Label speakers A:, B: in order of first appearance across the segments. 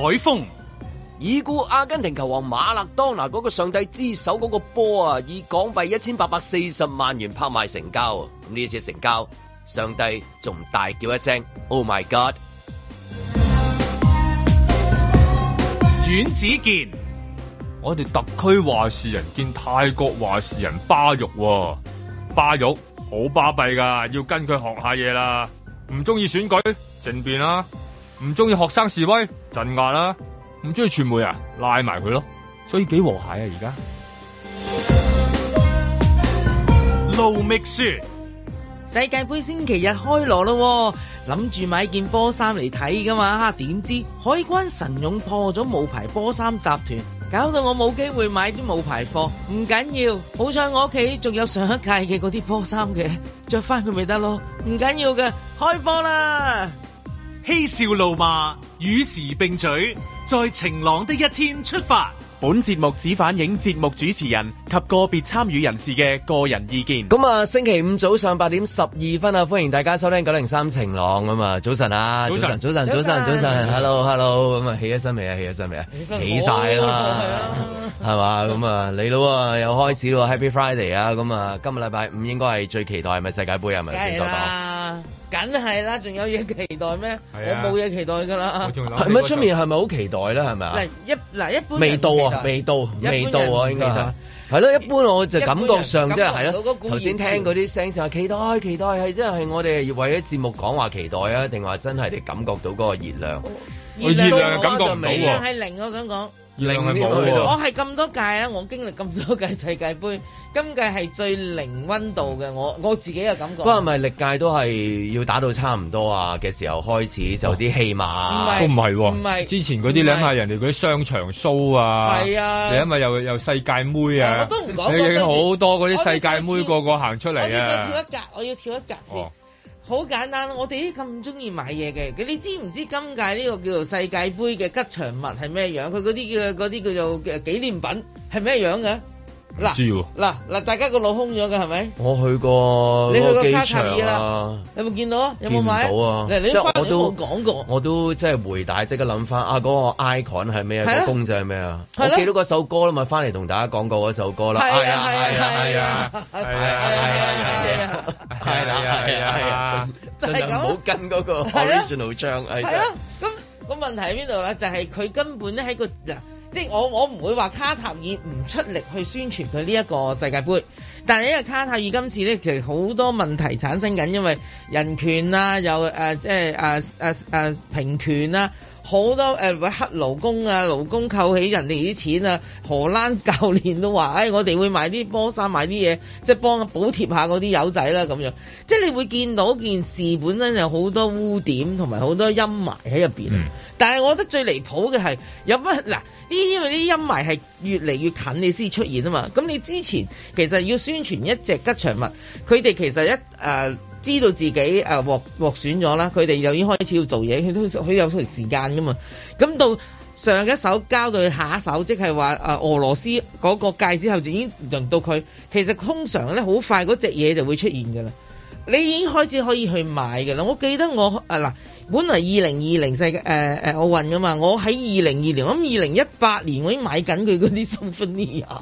A: 海風，
B: 已故阿根廷球王馬勒當拿嗰個上帝之手嗰個波啊，以港幣一千八百四十萬元拍賣成交，咁呢次成交，上帝仲大叫一聲 Oh my God！阮子
A: 健我哋特區話事人見泰國話事人巴育，啊，巴育好巴閉噶，要跟佢學下嘢啦，唔中意選舉，政變啦。唔中意學生示威鎮壓啦，唔中意傳媒啊，拉埋佢咯，所以幾和諧啊而家。
C: 盧覓雪：世界杯星期日開鑼啦，諗住買件波衫嚟睇噶嘛，哈，點知海關神勇破咗冒牌波衫集團，搞到我冇機會買啲冒牌貨。唔緊要，好彩我屋企仲有上一屆嘅嗰啲波衫嘅，着翻佢咪得咯，唔緊要嘅，開波啦！嬉笑怒罵，與時並舉。在晴朗的一天
A: 出發。本節目只反映節目主持人及個別參與人士嘅
B: 個人意見。咁啊，星期五早上八點十二分啊，歡迎大家收聽九零三晴朗啊。早晨啊，早晨，早晨，早晨，早晨。Hello，Hello。咁啊，起咗身未啊？起咗身未啊？起晒啦，係嘛？咁啊，你佬啊，又開始 Happy Friday 啊！咁啊，今日禮拜五應該係最期待係咪世界杯啊？係啊。
C: 梗係啦，仲有嘢期待咩、啊？我冇嘢期待噶啦。係咪出
B: 面係咪好期待咧？係咪啊？嗱
C: 一嗱一般未到啊，未
B: 到未到啊，應該係咯。一般我就感覺上即係係咯。頭、就、先、是啊、聽嗰啲聲就日期待期待，係真係我哋為咗節目講話期待啊，定話真係你感覺到嗰個熱量？熱量感覺到係
C: 零、啊，我想講是啊是啊、我係咁多屆啊！我經歷咁多屆世界盃，今屆係最零溫度嘅。我我自己嘅感覺。不過係咪
B: 歷屆都係要打到差唔多啊嘅時候開始就啲戲碼？
C: 都
D: 唔
B: 係喎。唔係之前嗰啲，你睇下人哋嗰啲商場 show
A: 啊，啊你因為又又世界妹啊，好、啊、 多嗰啲世界妹個個行出嚟啊！我
C: 要跳一格，我要跳一格先、哦。好簡單，我哋啲咁鍾意買嘢嘅，佢你知唔知今屆呢個叫做世界盃嘅吉祥物係咩樣？佢嗰啲叫嗰啲叫做紀念品係咩樣㗎？嗱，嗱嗱大家個腦空咗㗎係咪？
B: 我去過，我機場啊，
C: 有冇見到啊？有冇買？見到啊！即係我都講過，
B: 我都即係回帶即刻諗翻啊！嗰、嗰個 icon 係咩啊？個公仔係咩啊？我記得嗰首歌啦嘛，翻嚟同大家講過嗰首歌啦。係啊係啊係啊係啊係啊係啊係啊係啊！啊,、uh 啊，係、yeah、咁、啊啊嗯 yeah 啊，唔好跟嗰個。好張。係啊，
C: 咁、個問題喺邊度啊？就係佢根本咧喺個即係我我唔會話卡塔爾唔出力去宣傳佢呢一個世界杯，但係因為卡塔爾今次咧，其實好多問題產生緊，因為人權啊，又誒即係誒誒誒平權啊。呃好多誒、呃、黑勞工啊，勞工扣起人哋啲錢啊！荷蘭教練都話，誒、哎、我哋會買啲波衫，買啲嘢，即係幫補貼下嗰啲友仔啦咁樣。即係你會見到件事本身有好多污點同埋好多陰霾喺入邊。嗯、但係我覺得最離譜嘅係有乜？嗱，呢啲因為啲陰霾係越嚟越近你先出現啊嘛。咁你之前其實要宣傳一隻吉祥物，佢哋其實一誒。呃知道自己誒獲獲選咗啦，佢哋就已經開始要做嘢，佢都佢有時時間㗎嘛。咁到上一手交到去下一手，即係話誒俄羅斯嗰個屆之後就已經輪到佢。其實通常咧好快嗰隻嘢就會出現㗎啦，你已經開始可以去買㗎啦。我記得我嗱。啊本來二零二零世界誒誒奧運噶嘛，我喺二零二零咁二零一八年我已經買緊佢嗰啲 Souvenir 奧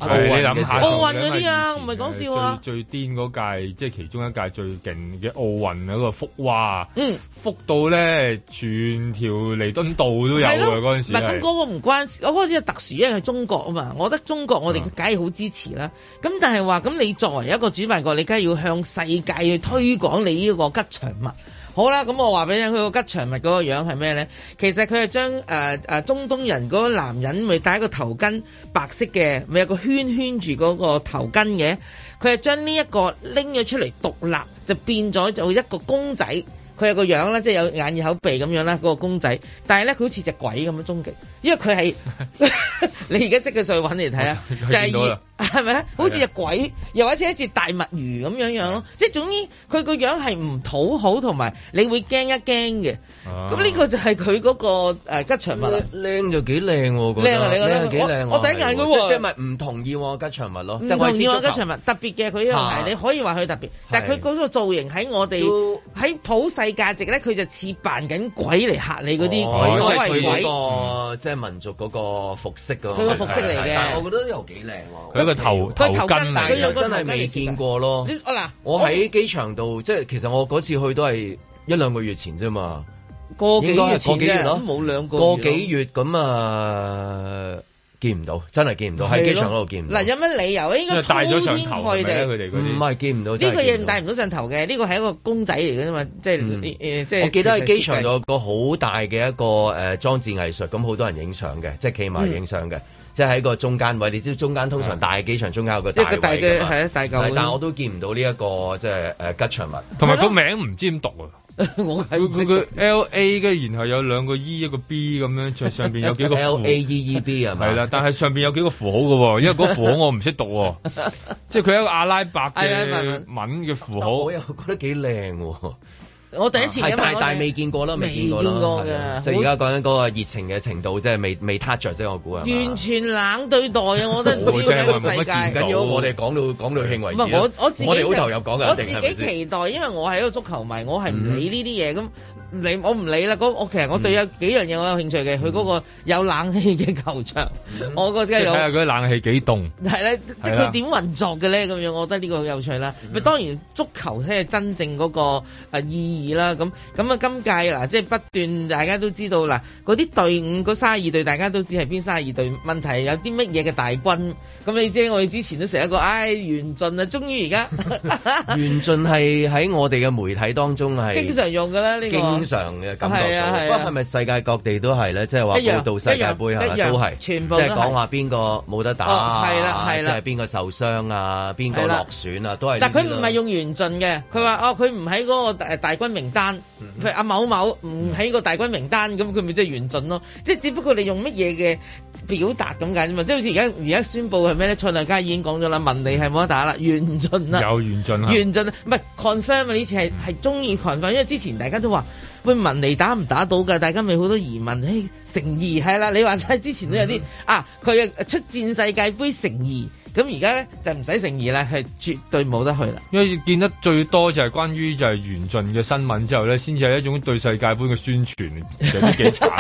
C: 運嗰啲啊，我唔係講笑啊！最最癲
A: 嗰屆即係其中一屆最勁嘅奧運嗰個福娃嗯，福到呢，全條彌敦道都有㗎嗰陣時。嗱咁嗰
C: 個唔關事，我嗰個係特殊，因為係中國啊嘛。我覺得中國我哋梗係好支持啦。咁、嗯、但係話咁你作為一個主辦國，你梗係要向世界去推廣你呢個吉祥物。好啦，咁我話俾你聽佢個吉祥物嗰個樣係咩咧？其實佢係將誒誒中東人嗰個男人，咪戴一個頭巾，白色嘅，咪有個圈圈住嗰個頭巾嘅。佢係將呢一個拎咗出嚟獨立，就變咗就一個公仔。佢有個樣咧，即係有眼耳口鼻咁樣啦，嗰個公仔。但係咧，佢好似隻鬼咁樣終極，因為佢係 你而家即刻上去搵嚟睇啊！ 就係。係咪啊？好似隻鬼是，又或者似大墨魚咁樣樣咯。即係總之佢個樣係唔討好，同埋你會驚一驚嘅。咁、啊、呢個就係佢嗰個誒吉祥物。靚、啊、就幾靚，我覺得靚啊，幾靚。我第一眼嘅即係唔、就
B: 是、同意喎吉
C: 祥物咯。唔同意啊吉祥物，吉祥物是的特別嘅，佢呢樣係你可以話佢特別，但係佢嗰個造型喺我哋喺普世價值咧，佢就似扮緊鬼嚟吓你嗰啲、哦、所謂鬼。佢、嗰個、嗯、
B: 即係民族嗰個服飾嗰。佢個服飾嚟嘅，但我覺得又幾靚。個頭頭根啊，真係未見過咯。我嗱，我喺機場度，即係其實我嗰次去都係一兩個月前啫嘛。個幾，幾月前啫，冇兩個月個幾月咁啊，見唔到，真係見唔到，喺機場嗰度見唔到。嗱，
C: 有乜理由？應該戴咗上頭嘅，佢哋嗰啲唔
B: 係見唔到。呢、這個嘢
C: 戴唔到上頭嘅，呢個係一個公仔嚟嘅啫嘛。即係、嗯嗯、即係我記得喺機場
B: 有個好大嘅一個誒裝、呃、置藝術，咁好多人影相嘅，即係企埋影相嘅。嗯即係喺個中間位，你知道中間通常大機場中間有個大位啊，大但係我都見唔到呢一個即係誒吉祥物。同埋個名唔知點讀啊， 我係唔識。L
A: A 嘅，LA, 然後有兩個 E 一個 B 咁樣，上上邊有幾個。L A E E B 係嘛？係啦，但係上面有幾個符號嘅喎 -E -E， 因為嗰個符號我唔識讀喎。 即係佢一
B: 個阿拉伯嘅文嘅符號。 我又覺得幾靚喎。我第一次咁大未見過啦，未見過嘅。即係而家講緊嗰個熱情嘅程度，即係未未 touch 著先，toucher, 我估啊。
C: 完全冷對待啊！ 我覺得。唔會就係乜乜乜。唔緊要，我哋
B: 講到講到興為止，唔係我我自己、就是，我哋
C: 好投入講嘅。我自己期待，是是因為我係一個足球迷，我係唔理呢啲嘢咁。嗯理，我唔理啦，嗰我其實我對有幾樣嘢我有興趣嘅，佢、嗯、嗰個有冷氣嘅球場、嗯我睇下，我覺得有睇
A: 冷氣幾凍。
C: 係咧，即係佢點運作嘅咧？咁樣我覺得呢個好有趣啦。咪、嗯、當然足球係真正嗰個意義啦，咁咁啊今屆啦，即係不斷大家都知道啦嗰啲，隊伍，嗰卅二隊大家都知係邊卅二隊，問題有啲乜嘢嘅大軍。咁你知我哋之前都成一個唉袁俊啊，終於而家
B: 袁俊係喺我哋嘅媒體當中係經
C: 常用㗎啦呢個。
B: 常嘅感覺，咁係咪世界各地都係咧？即係話報道世界盃係咪都係，即係講話邊個冇得打，係啦，係啦，即係邊個受傷啊，邊個、啊啊、落選啊，啊都係。但佢唔係
C: 用完盡嘅，佢話哦，佢唔喺嗰個誒大軍名單。阿、嗯、某某唔喺、嗯嗯、個大軍名單，咁佢咪即係緣盡咯？即係只不過你用乜嘢嘅表達咁解啫嘛？即係好似而家而家宣布係咩咧？蔡良佳已經講咗啦，文尼係冇得打啦，緣盡啦，有緣盡啦，緣盡唔係 confirm 啊？呢次係係中意 confirm，因為之前大家都話喂，文尼打唔打到噶，大家咪好多疑問。唉，成疑係啦，你話齋之前都有啲、嗯、啊，佢出戰世界盃成疑。咁而家咧就唔使誠意咧，係絕對冇得去啦。
A: 因為見得最多就係關於就係袁俊嘅新聞之後咧，先至係一種對世界杯嘅宣傳，有啲幾慘。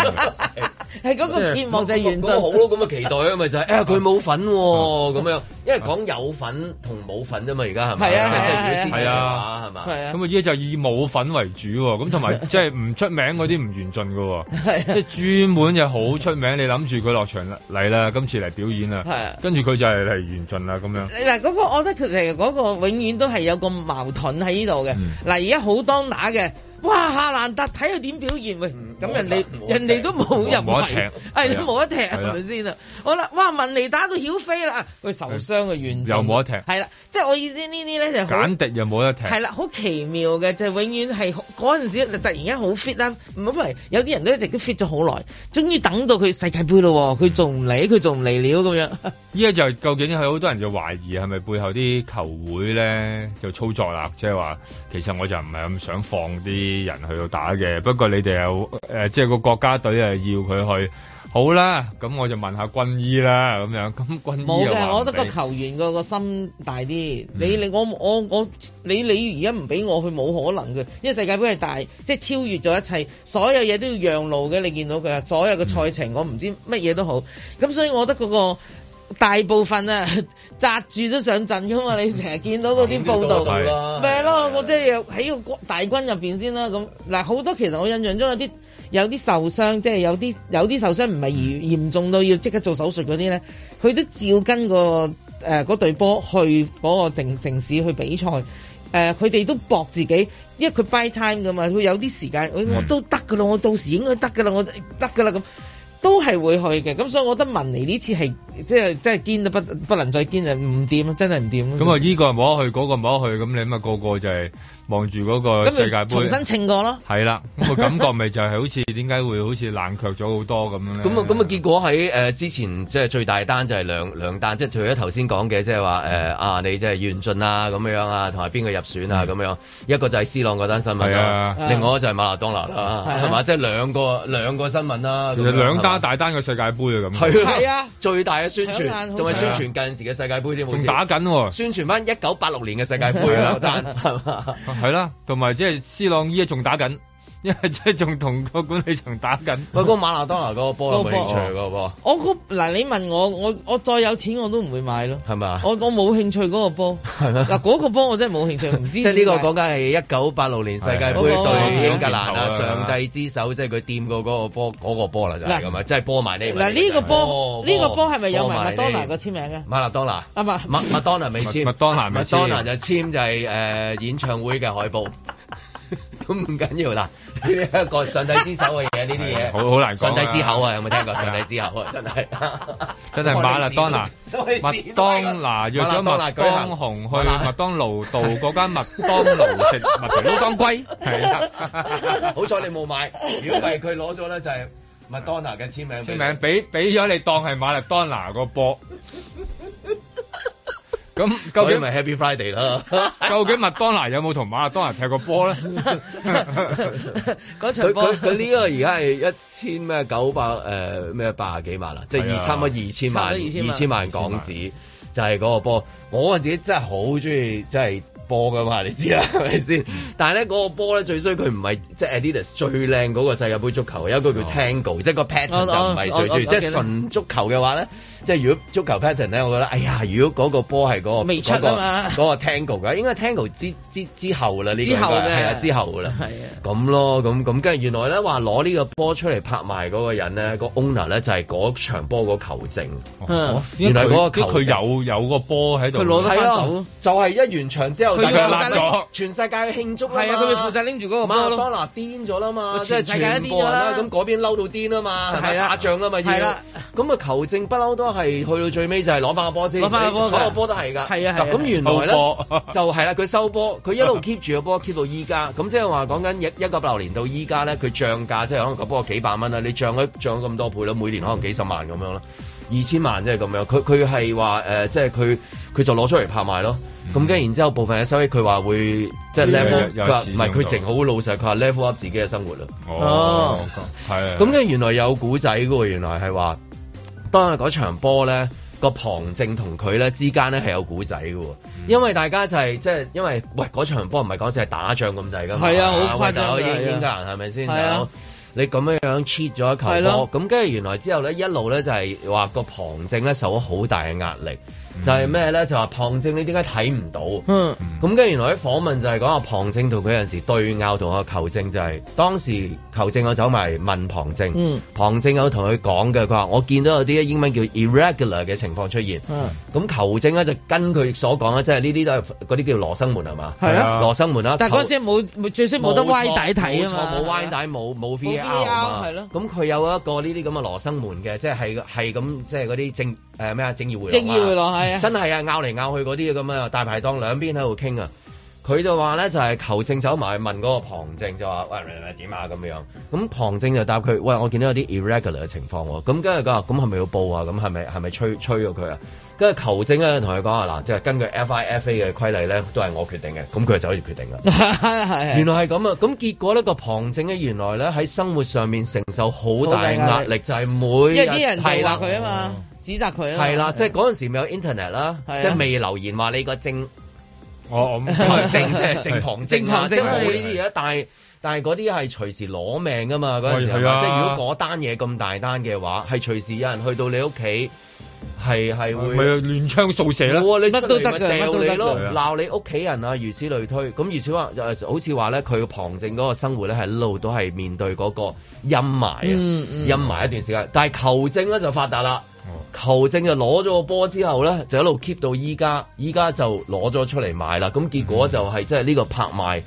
A: 係 嗰、欸、個期
B: 望、
C: 欸、就係袁俊好咯，咁、那、嘅、個、期待咧，嘛，
B: 就係、是、呀，佢、哎、冇粉咁、哦啊、樣，因為講有粉同冇粉啫嘛，而家係咪？係啊係
A: 啊係啊係嘛？係啊。咁啊依家就以冇粉為主，咁同埋即係唔出名嗰啲唔完盡喎，即 係專門就好出名，你諗住佢落場嚟啦，今次嚟表演啦、啊，跟住佢就係嚟完。盡啦咁樣，你
C: 嗱嗰個，我覺得其實嗰個永遠都係有個矛盾喺呢度嘅。嗱，嗯，而家好當打嘅。哇！夏蘭特睇佢點表現喂，咁、欸、人哋人哋都冇入踢，哎，冇得踢，係咪先啊？好啦，哇！文尼打到曉飛啦，佢受傷嘅完，
A: 又冇得踢，
C: 係啦，即係我意思呢啲咧就是、簡
A: 迪又冇得踢，係啦，
C: 好奇妙嘅就是、永遠係嗰陣時就突然間好 fit 啦，唔係有啲人都一直都 fit 咗好耐，終於等到佢世界盃咯，佢仲唔嚟？佢仲唔嚟了咁樣？
A: 依家就究竟係好多人就懷疑係咪背後啲球會咧就操作啦？即係話其實我就唔係咁想放啲。啲人去到打嘅，不過你哋又誒、呃，即係個國家隊啊，要佢去好啦。咁我就問下軍醫啦，咁樣咁、嗯、軍醫冇嘅。我覺得個球
C: 員個個心大啲、嗯，你你我我我你你而家，唔俾我去，冇可能嘅。因為世界杯係大，即係超越咗一切，所有嘢都要讓路嘅。你見到佢啊，所有嘅賽程，我唔知乜嘢都好。咁所以我覺得嗰個。大部分啊， 紮住都上陣噶嘛，你成日見到嗰啲報道，咪係咯，我即係喺個大軍入面先啦。咁嗱，好多其實我印象中有啲有啲受傷，即係有啲有啲受傷唔係嚴重到要即刻做手術嗰啲咧，佢都照跟個誒嗰隊波去嗰個城市去比賽。誒、呃，佢哋都搏自己，因為佢 buy time 噶嘛，佢有啲時間，嗯、我都得噶啦，我到時應該得噶啦，我得噶啦咁。都係會去嘅，咁所以我覺得文尼呢次係，即係即係堅得不不能再堅，就唔掂啦，真係唔掂咁啊，依、呢個
A: 又冇得去，嗰、嗰個又冇得去，咁你咪啊個個就係、係，望住嗰個世界杯，重新
C: 稱過咯。
A: 係啦，嗰個感覺咪就係好似點解會好似冷卻咗好多咁樣
B: 咁啊咁啊，結果喺誒、呃、之前即係、就是、最大單就係兩兩單，即係除咗頭先講嘅，即係話誒啊你即係遠進啊咁樣啊，同埋邊個入選啊咁樣，嗯，一個就係 C 朗嗰單新聞，啊，係啊，另外一個就係馬拉當娜啦係嘛，即係、啊就是、兩個，啊、兩,兩,個兩個新聞啦、啊。其實兩單大單嘅世界杯啊，咁係啊，啊，最大嘅
D: 宣傳，同埋宣傳
B: 近時嘅世界杯，啊、
D: 打緊，啊、
B: 宣傳翻一九八六年嘅世
D: 界杯單係嘛？
A: 係啦，同埋即係斯朗依家，仲打緊。因為即係仲同個管理層打緊，佢個馬拉多拿個波冇興趣個波。Oh.
C: 我嗰嗱你問我，我我再有錢我都唔會買咯，係嘛？我我冇興趣嗰個波，嗱 嗰個波我真係冇興趣，唔知道。 即係呢個講緊係一九八六年世界杯對，對，對，對英格蘭啊，上帝
B: 之手，即係佢掂過嗰個波，嗰、那個波啦就係咁啊，即係波埋呢。嗱、就、呢、
C: 是、個波，呢 個波係咪有埋 麥當娜個簽名嘅？
B: 馬拉多拿？啊，唔係麥麥當娜未簽，麥當娜未簽，麥當娜就簽就係、是、誒、呃、演唱會嘅海報，咁唔緊要啦。呢一個上帝之手嘅嘢，呢啲嘢好好難講上帝之口啊！有冇聽過上帝之口啊？真係，真係馬勒當拿。麥
A: 當娜約咗麥當雄去麥當勞道嗰間麥當勞食麥當勞 麥當歸。係。
B: 好彩你冇買，如果係佢攞咗咧，拿就係麥當娜嘅簽名。簽名
A: 俾俾咗你，當係馬勒當拿個波。咁究竟咪 Happy Friday 啦
B: 究竟麥當娜有冇同馬拉當娜踢過波咧？
D: 嗰 場波佢佢
C: 呢
B: 個而家係一千咩九百誒咩八十幾萬啦，即係二差唔多二千萬二千萬,萬,萬港紙，就係嗰個波。我自己真係好中意即係波噶嘛，你知啦係咪先？但係咧嗰個波咧最衰佢唔係即係 Adidas 最靚嗰個世界盃足球，有一個叫 Tango，、哦、即係個 pattern 唔、哦、係最中意、哦哦，即係純足球嘅話咧。即係如果足球 pattern 咧，我覺得哎呀，如果嗰個波係嗰個嗰個嗰個 Tango 嘅，應該 Tango 之之之後啦，呢、這個係啊之後嘅咁、啊啊、咯，咁咁跟住原來咧話攞呢個波出嚟拍賣嗰個人咧，個 owner 咧就係嗰場波個球證，
D: 原來嗰佢、啊那個球球哦、
C: 有
B: 有個波喺
D: 度，佢攞、啊、
B: 就係、是、一完場之後佢攞攬全世界慶祝啦啊，佢負責拎住嗰個馬勒當拿癲咗啦嘛，即係世，世界咁嗰邊嬲到癲啊嘛，係、啊啊、打仗啊嘛，啊啊要咁啊球證不嬲都。係去到最尾就係攞翻個波先，攞所有波都係㗎。係啊係啊。咁、啊啊啊、原來咧就係、是、啦、啊，佢收波，佢 一路 keep 住個波 keep 到依家。咁即係話講緊一九八六年到依家咧，佢漲價即係可能個波幾百蚊啦。你漲咗漲咗咁多倍啦，每年可能幾十萬咁樣咯，二千萬即係咁樣。佢佢係話即係佢佢就攞、是、出嚟拍賣咯。咁跟住然之後，後部分嘅收益 up, yeah, yeah, yeah, up，佢話會即係 level 唔係佢淨好老實，佢 level up 自己嘅生活啦。哦，係啊，
D: 咁
B: 跟住原來有古仔嘅喎，原來係話。當嗰場波呢，個旁證同佢呢之間呢係有故仔㗎喎，嗯、因為大家就係即係因為喂嗰場波唔係講似係打仗咁滯㗎嘛，啊、我喂，英國人係咪先？你咁樣樣 cheat 咗一球，球，咁跟住原來之後呢，一路呢就係話個旁證呢受咗好大嘅壓力。就係咩咧？就話、是、旁正你點解睇唔到？嗯，咁跟住原來啲訪問就係講阿龐正同佢有陣時對拗，同阿求正就係當時求正我走埋問旁正，嗯，龐正有同佢講嘅，佢話我見到有啲英文叫 irregular 嘅情況出現，咁、嗯、求正咧就根據佢所講咧，即係呢啲都係嗰啲叫羅生門係嘛？係啊，羅、啊、生
C: 門啊。但係嗰陣時冇，最衰冇得歪底睇。冇錯、啊，冇歪底，冇冇 V R 係咯。
B: 咁佢有一個呢啲咁嘅羅生門嘅，即係係係咁，即係嗰啲證。誒、欸、咩啊？正義回來嘛？正義嘅咯，係啊！真係啊，拗嚟拗去嗰啲嘅咁啊，大排檔兩邊喺度傾啊。佢就話咧，就係、是、球證走埋問嗰個旁證，就話喂，點啊咁樣。咁旁證就答佢：喂，我見到有啲 irregular 嘅情況喎、啊。咁跟住佢話：咁係咪要報啊？咁係咪係咪吹吹咗佢啊？呢跟住球證咧，同佢講下，嗱，即係根據 FIFA 嘅規例咧，都係我決定嘅。咁佢就走住決定啦。
D: 原
B: 來係咁啊！咁、嗯嗯嗯嗯、結果呢，個旁證咧，原來咧喺生活上面承受好大壓力，就係、是、每日啲人話佢啊嘛。
C: 指責佢啦，係啦，
B: 即係嗰陣時未有 internet 啦，即係未留言話你個正，我唔係正，即係正旁正，正旁正冇呢啲嘢，但係但係嗰啲係隨時攞命㗎嘛，嗰陣時，即係如果嗰單嘢咁大單嘅話，係隨時有人去到你屋企，係係會亂槍掃射咧，乜、哦、都得嘅，掉你咯，鬧你屋企人啊，如此類推。咁如此話誒，好似話呢，佢個旁證嗰個生活呢，係一路都係面對嗰個陰霾啊、嗯嗯，陰霾一段時間，嗯、但係求證咧就發達啦。球證就攞咗個波之後咧，就一路 keep 到依家，依家就攞咗出嚟賣啦。咁結果就係即係呢個拍賣。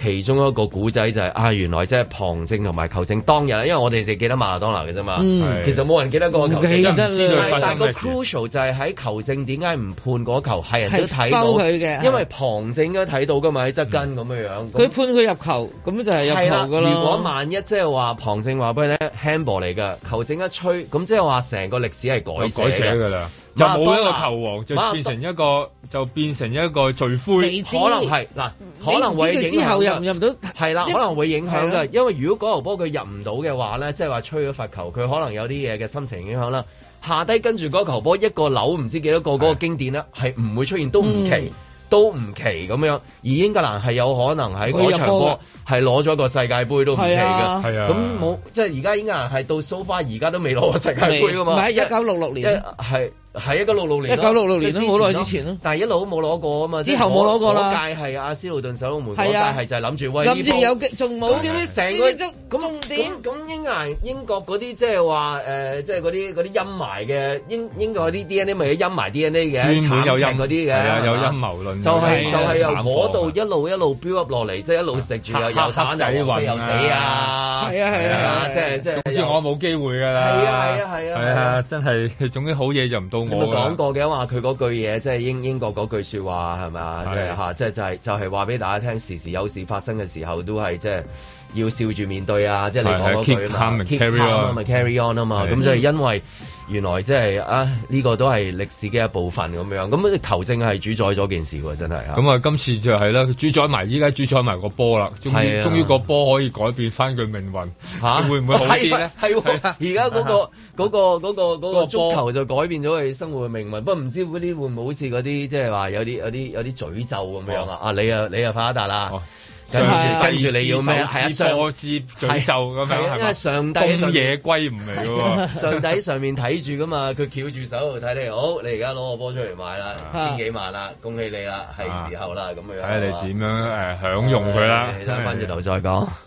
B: 其中一個古仔就係、是、啊，原來即係旁證同埋球證當日，因為我哋淨記得馬勒當拿嘅啫嘛。其實冇人記得那個球證，真係唔知佢發生咩事。但係個 crucial 就係喺球證點解唔判嗰球？係人都睇到佢嘅，因為旁證應該睇到㗎嘛，喺側根咁樣樣。佢、嗯、判佢入球，
C: 咁就係入球㗎啦。如果
B: 萬一即係話旁證話俾你聽 handball 嚟㗎，球證一吹，咁即係話成個歷史係改寫嘅啦。就冇一個球王，就變成一個就變成一個罪魁，可能係
C: 嗱，可能會之後入入唔到，係啦，可能會影響噶
B: 因為如果嗰球波佢入唔到嘅話咧，即係話吹咗罰球，佢可能有啲嘢嘅心情影響啦。下低跟住嗰球波一個扭，唔知幾多個個經典呢係唔會出現都唔奇，嗯、都唔奇咁樣。而英格蘭係有可能喺嗰場波。係攞咗個世界杯都唔奇噶，咁冇即係而家英格蘭係到 so far，而家都未攞個世界杯噶嘛？唔係一九六六年，一係喺個六六年，一九六六年都好耐之前,之前但係一路都冇攞過啊嘛。之後冇攞過啦。屆係阿斯洛頓守，龍門，屆係就係諗住威。啊、有有對對對對對對點知有
C: 仲冇？點知
B: 成個咁咁咁？英格蘭英國嗰啲即係話誒，即係嗰啲嗰啲陰霾嘅英英國啲 DNA 咪要陰霾 DNA 嘅，專門有陰嗰啲嘅，有陰謀論，就係、是、就係、是就是、由嗰度一路一路 build up 落嚟，即係一路食住黑仔啊又死，又死啊，係啊係啊，即啊。即係、啊啊啊啊啊就是、總之我冇機會噶啦。係啊係啊係啊，係啊，係啊，係啊，係啊真係，總之好嘢就唔到我。你冇講過嘅話，佢嗰句嘢即係英英國嗰句說話係咪啊？即係吓，即係就係、係、就係話俾大家聽，時時有事發生嘅時候都係即係。要笑住面對啊，即、就、係、是、你講嗰句啊嘛，keep calm，keep calm，carry on 啊嘛，咁就係因為原來即、就、係、是、啊呢、這個都係歷史嘅一部分咁樣，咁啲球證係主宰咗件事喎，真係嚇。咁、嗯、
A: 啊，今次就係啦，主宰埋依家主宰埋個波啦，終於、啊、終於個
B: 波可以改變翻佢命運吓、啊、會唔會好啲咧？係啊，而家嗰個嗰、 那個嗰、那個嗰、那個足球就改變咗佢生活嘅命運，不過唔知嗰啲會唔會好似嗰啲即係話有啲有啲有啲詛咒咁樣啊？啊，你啊你啊發達啦！你啊
E: 跟住你要咩？係啊，各自詮就咁樣，因為上
B: 帝野歸唔嚟喎。上帝、啊、上，上面睇住噶嘛，佢翹、啊、住手睇你好，你而家攞個波出嚟買啦、啊，千幾萬啦，恭喜你啦，係、啊、時候啦咁樣。睇你點
F: 樣誒享用佢啦，翻轉頭再講。
A: 在、啊啊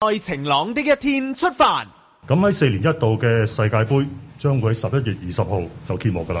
A: 啊啊、 晴朗的一天出
F: 發。咁喺四年一度嘅世界盃將會喺十一月二十號就揭幕㗎啦。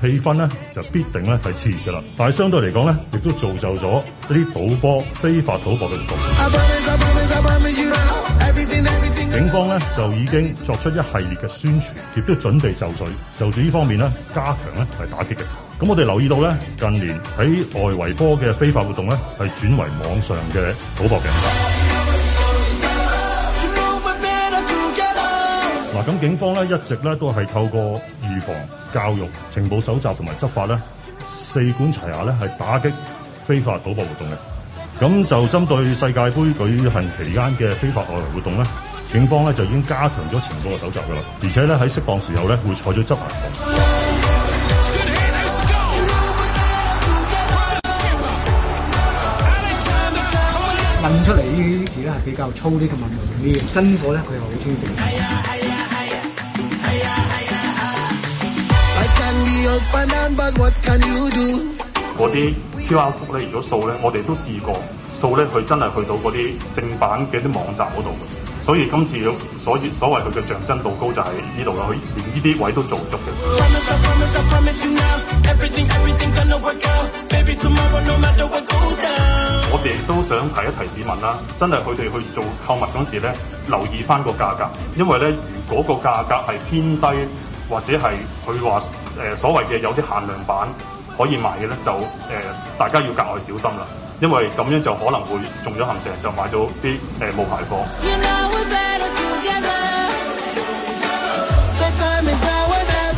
F: 氣氛咧就必定咧係熱嘅啦，但係相對嚟講咧，亦都造就咗一啲賭波非法賭博嘅活動。警方咧就已經作出一系列嘅宣傳，亦都準備就緒，就住呢方面咧加強咧係打擊嘅。咁我哋留意到咧，近年喺外圍波嘅非法活動咧係轉為網上嘅賭博嘅。嗱，咁警方咧一直咧都係透過預防、教育、情報搜集同埋執法咧四管齊下咧，係打擊非法賭博活動嘅。咁就針對世界杯舉行期間嘅非法外圍活動咧，警方咧就已經加強咗情報嘅搜集噶啦，而且咧喺適當時候咧會採取執行。
A: 印出嚟呢啲字呢係比較粗啲嘅、這
D: 個、文字，真貨呢，佢係好清晰嘅。
F: 嗰、哎、啲、哎哎哎哎哎哎、QR code 呢，如果掃呢，我哋都試過掃呢，佢真係去到嗰啲正版嘅啲網站嗰度。所以今次要，所以所謂佢嘅像真度高就係呢度啦，佢連呢啲位都做足嘅。 我哋都想提一提市民啦，真係佢哋去做購物嗰時咧，留意翻個價格，因為咧如果個價格係偏低，或者係佢話誒所謂嘅有啲限量版可以賣嘅咧，就誒、呃、大家要格外小心啦，因為咁樣就可能會中咗陷阱，就買到啲誒冒牌貨。呃、
D: you know we better together,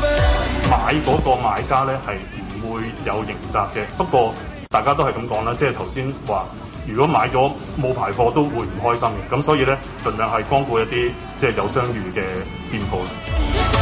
D: ever,
F: 買嗰個買家咧係唔會有刑責嘅，不過。大家都係咁講啦，即係頭先話，如果買咗冇排貨都會唔開心嘅，咁所以咧盡量係光顧一啲即係有商譽嘅店鋪。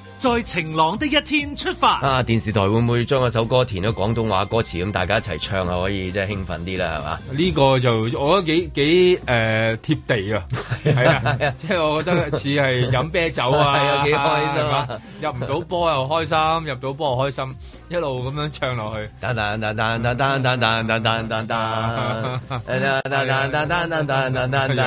A: 在晴朗的一天出發
B: 啊！電視台會唔會將嗰首歌填咗廣東話歌詞咁，大家一齊唱啊，可以即係興奮啲啦，係嘛？呢、這個就我覺得幾幾誒貼地啊，係
D: 啊是的，即 係、就
A: 是、
B: 我覺得似係飲啤酒啊，係 啊，幾開心啊，啊！入唔到波又開心，入到波又開心，一路咁樣唱落去。等、 嗯、等、 嗯、等、 哎、等、等、等、等、等、等、等、等、等、等、等、等、等。等等等等等等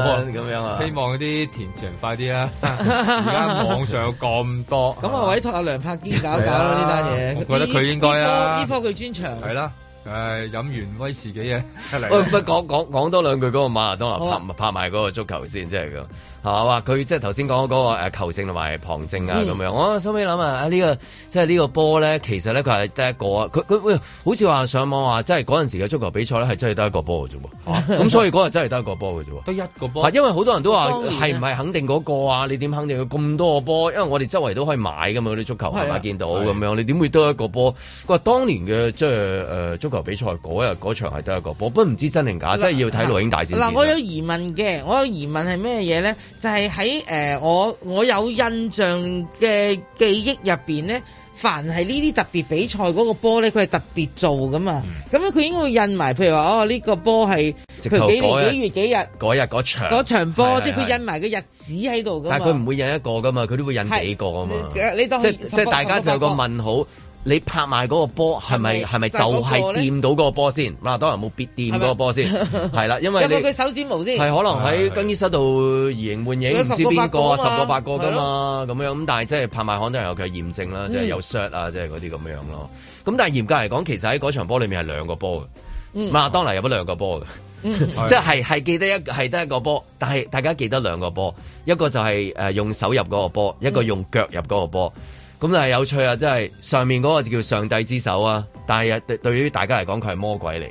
B: 好咁樣啊！希望嗰啲
A: 填詞人快啲啦，而家網上有咁。哎咁啊，我委
C: 託阿梁柏堅搞搞咯，呢單嘢，我覺得佢應該啊，呢科佢專長，係
B: 啦。誒、呃，飲完威士忌嘅，嚟，不講講講多兩句嗰個馬拉多納拍埋嗰、哦、個足球先，即係咁，係嘛？佢即係頭先講嗰個誒球證同埋旁證啊，咁、嗯、樣。我收尾諗啊，這個就是、個呢個即係呢個波咧，其實咧佢係得一個啊。佢佢好似話上網話，即係嗰陣時嘅足球比賽咧，係真係得一個波嘅啫。咁、啊、所以嗰日真係得一個波嘅啫，
A: 得一個波。因為
B: 好多人都話係唔係肯定嗰個啊？你點肯定佢咁多個波？因為我哋周圍都可以買噶嘛，嗰啲足球係咪、啊、見到咁樣，你點會得一個波？佢話當年嘅即係誒個比賽嗰日嗰場係得一個波，不過唔知真定假，真係要睇錄影大師。嗱、啊啊，我
C: 有疑問嘅，我有疑問係咩嘢咧？就係喺誒，我我有印象嘅記憶入邊咧，凡係呢啲特別比賽嗰個波咧，佢係特別做噶嘛。咁、嗯、咧，佢應該會印埋，譬如話哦、呢、這個波係，譬如幾年幾月幾日，
B: 嗰日嗰場，場波，即係佢印
C: 埋個日子喺度。但係佢唔
B: 會印一個噶嘛，佢都會印幾個啊嘛。你當
C: 即即係大家就有個問
B: 號。嗯你拍賣嗰個波係咪係咪就係掂到嗰個波先？馬勒當拿冇必掂嗰個波先，係啦， 因為係佢
C: 手指毛先？係可能喺
B: 更衣室度移形換影、啊，唔、啊啊、知邊個十個八個噶嘛咁、啊、樣。咁但係即係拍賣行都有佢驗證啦，即、嗯、係、就是、有 shirt 啊，即係嗰啲咁樣咯。咁但係嚴格嚟講，其實喺嗰場波裏面係兩個波嘅。馬勒當拿入咗兩個波
D: 嘅，即
B: 係係記得一係得一個波，但係大家記得兩個波，一個就係誒用手入嗰個波，一個用腳入嗰個波。嗯咁就係有趣啊！真、就、係、是、上面嗰個叫上帝之手啊，但係對於大家嚟講佢係魔鬼嚟、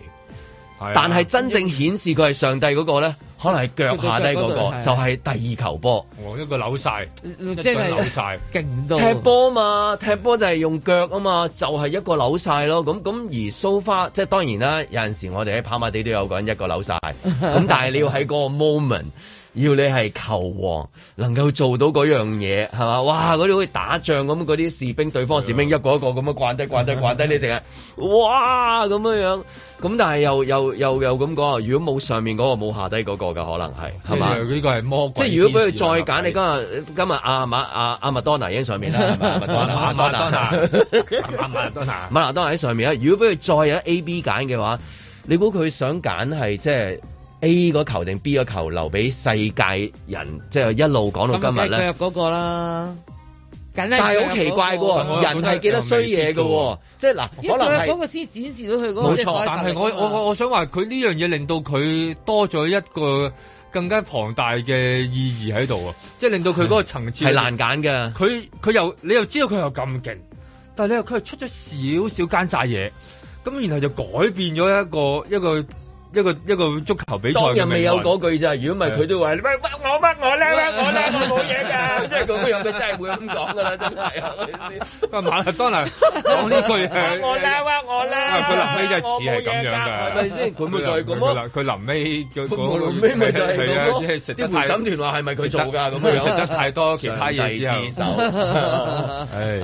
D: 啊，但係
B: 真正顯示佢係上帝嗰個咧，可能係腳下低嗰個，就係第二球波。哦、啊，一個扭晒，即係扭晒，勁到！踢波啊嘛，踢波就係用腳啊嘛，就係、是、一個扭晒咯。咁咁而蘇花，即係當然啦。有陣時我哋喺跑馬地都有個人一個扭晒，
D: 咁 但係你要喺
B: 個 moment。要你係球王，能夠做到嗰樣嘢，係嘛？哇，嗰啲好似打仗咁，嗰啲士兵，對方士兵一個一個咁樣掛低掛低掛低呢隻嘢，哇咁樣樣。咁但係又又又又咁講，如果冇上面嗰個，冇下低嗰個嘅可能係，係嘛？呢個係魔鬼。即係如果俾佢再揀，你今日今日阿馬阿阿麥當娜已經上面啦，
D: 阿麥當阿麥當娜阿麥當娜，
B: 麥當娜喺上面啦。如果俾佢再有 A、B 揀嘅話，你估佢想揀係即係？A 個球定 B 個球留俾世界人，即係一路講到今日咧。
C: 嗰個啦，但係好奇怪喎，人係幾多衰嘢嘅，即係嗱，可能嗰個先展示到佢嗰個。冇錯，但係我我我我想話
A: 佢呢樣嘢令到佢多咗一個更加龐大嘅意義喺度，即係令到佢嗰個層次係難揀嘅。佢佢又你又知道佢又咁勁，但係你又佢係出咗少少奸詐嘢，咁然後就改變咗一個一個。一個一個一個足球比賽又未有嗰句咋，如果唔係佢都話：，你屈我屈我啦，我啦，我冇嘢㗎。即係佢有佢真係會咁講㗎啦，真係。不 過當然！當呢句係，我啦，我啦，佢臨尾真
C: 係似
A: 係咁樣㗎，係咪先？佢冇再講。佢臨尾叫嗰啲審判員，陪審團話係咪佢做㗎？咁啊，食、那個就是、得，得太多其他嘢之後。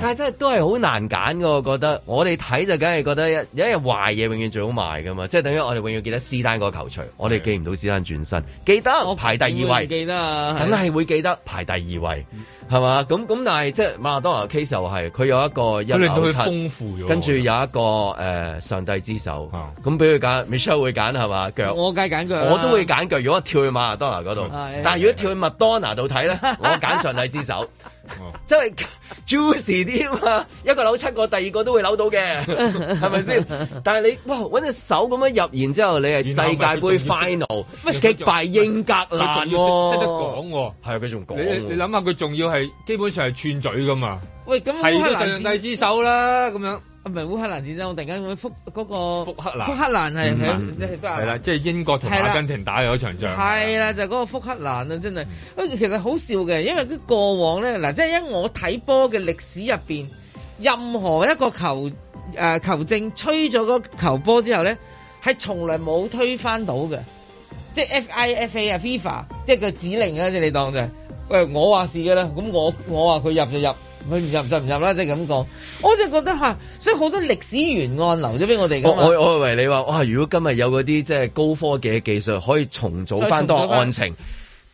A: 但
B: 係真係都係好難揀㗎，我覺得。我哋睇就梗係覺得，覺得有一日壞嘢永遠最好賣㗎嘛，即、就、係、是、等於我哋永遠記得斯丹個球錘，我哋記唔到斯丹轉身，記得我排第二位，會，記
C: 得，等係
B: 會記得排第二位，係嘛？咁咁，但係即係馬拉多拿 case 係、就是，佢有一個一六七，跟住有一個誒、呃、上帝之手，咁俾佢揀，Michelle 會揀係嘛？腳，我
C: 梗係揀腳，我都會
B: 揀腳。如果我跳去馬拉多拿嗰度，但係如果跳去麥當娜度睇咧， 我揀上帝之手。即、哦、係 juicy
C: 啲啊嘛，一個扭
B: 七個，第二個都會扭到嘅，係咪先？ 但係你，哇，搵隻手咁樣入，完之後你係世界杯 final，乜擊敗
C: 英格蘭？識、啊、得講、
B: 啊，係
A: 佢仲講。你你諗下，佢仲要係基本上係串嘴噶嘛？
C: 喂，咁係個上帝之手啦，咁樣。唔係烏克蘭戰爭，我突然間會復嗰個。福克蘭福克蘭，係係啦，
A: 即係英國同阿根廷打嗰場仗。
C: 係啦，就嗰個福克蘭啊、就是就是，真係，嗯、其實好笑嘅，因為啲過往咧，嗱，即係因我睇波嘅歷史入邊，任何一個球誒、呃、球證吹咗個球波之後咧，係從來冇推翻到嘅，即係 FIFA 啊，FIFA 即係個指令啊。即係你當就係，喂，我話事嘅啦，咁我我話佢入就入。佢唔入就唔入啦，即係咁講。我就覺得吓，所以好多歷史冤案留咗俾我哋。我我以
B: 為你話哇，如果今日有嗰啲即係高科技嘅技術，可以重組翻當案情，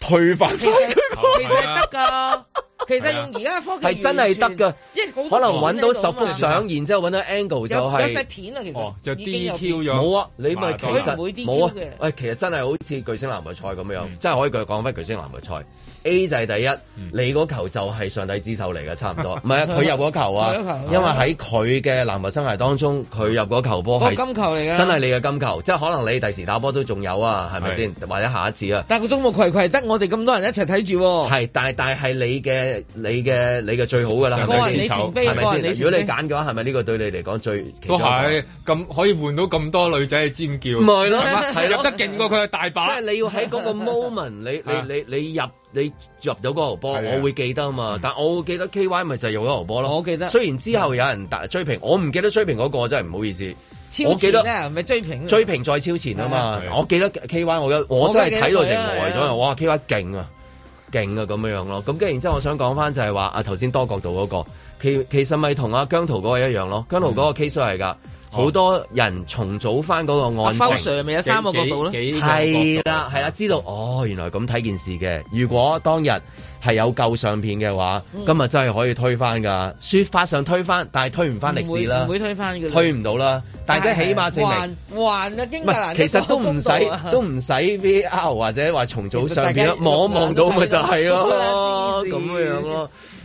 B: 推翻翻佢，其實得
C: 㗎。其實用而家嘅科技，係真係得㗎。可能揾到十幅相，然
B: 之後揾到 angle 就係有 e t
C: 片啊，其實就 DQ 咗。冇啊，你咪其實冇啊。
B: 喂，其實真係好似巨星籃球賽咁樣，真係可以繼續講翻巨星籃球賽。A 就係第一，嗯、你嗰球就係上帝之手嚟嘅，差唔多。唔係啊，佢入嗰球啊，因為喺佢嘅籃球生涯當中，佢入嗰球波係金
C: 球嚟嘅，真係你嘅
B: 金球。那個、金球即係可能你第時打波都仲有啊，係咪先？或者下一次啊？
C: 但係個眾目睽睽得我哋咁多人一齊睇住。
B: 係，但係但係你嘅你嘅你嘅最好㗎啦，上帝之手係咪先？如果你揀嘅話，係咪呢個對你嚟講最都係咁可以換到咁多女仔嘅尖叫？咪係咯，係入得勁過佢嘅大把。即 係你要喺嗰個 moment，你 你你你，你入。你入到嗰個波，我會記得嘛，嗯、但我會記得 KY 咪就係用咗個波咯。我記得，雖然之後有人追平，啊，我唔記得追平嗰，那個，真係唔好意思。超前、啊，
C: 我記得唔咪追平，追
B: 平再超前嘛啊嘛，啊。我記得 KY，我我真係睇來成呆咗，哇！KY 勁啊，勁啊，咁樣囉。咯。咁跟住然之後，我想講翻就係話啊頭先多角度嗰，那個，其其實咪同阿姜濤嗰個一樣咯，姜濤嗰個 case 都係㗎。嗯嗯好多人重組翻嗰個案。阿 f 咪有三個角度咧，係啦，係啦，知道哦，原來咁睇件事嘅。如果當日係有舊相片嘅話，今、嗯、日真係可以推翻噶。說法上推翻，但係推唔翻歷史啦。唔會,會推
C: 翻推唔
B: 到啦，但係即係起碼證明
D: 還啊經。其實都唔使、啊、都唔
B: 使 VR 或者話重組相片啦，望望一一到咪就係咯。咁、啊、樣咯。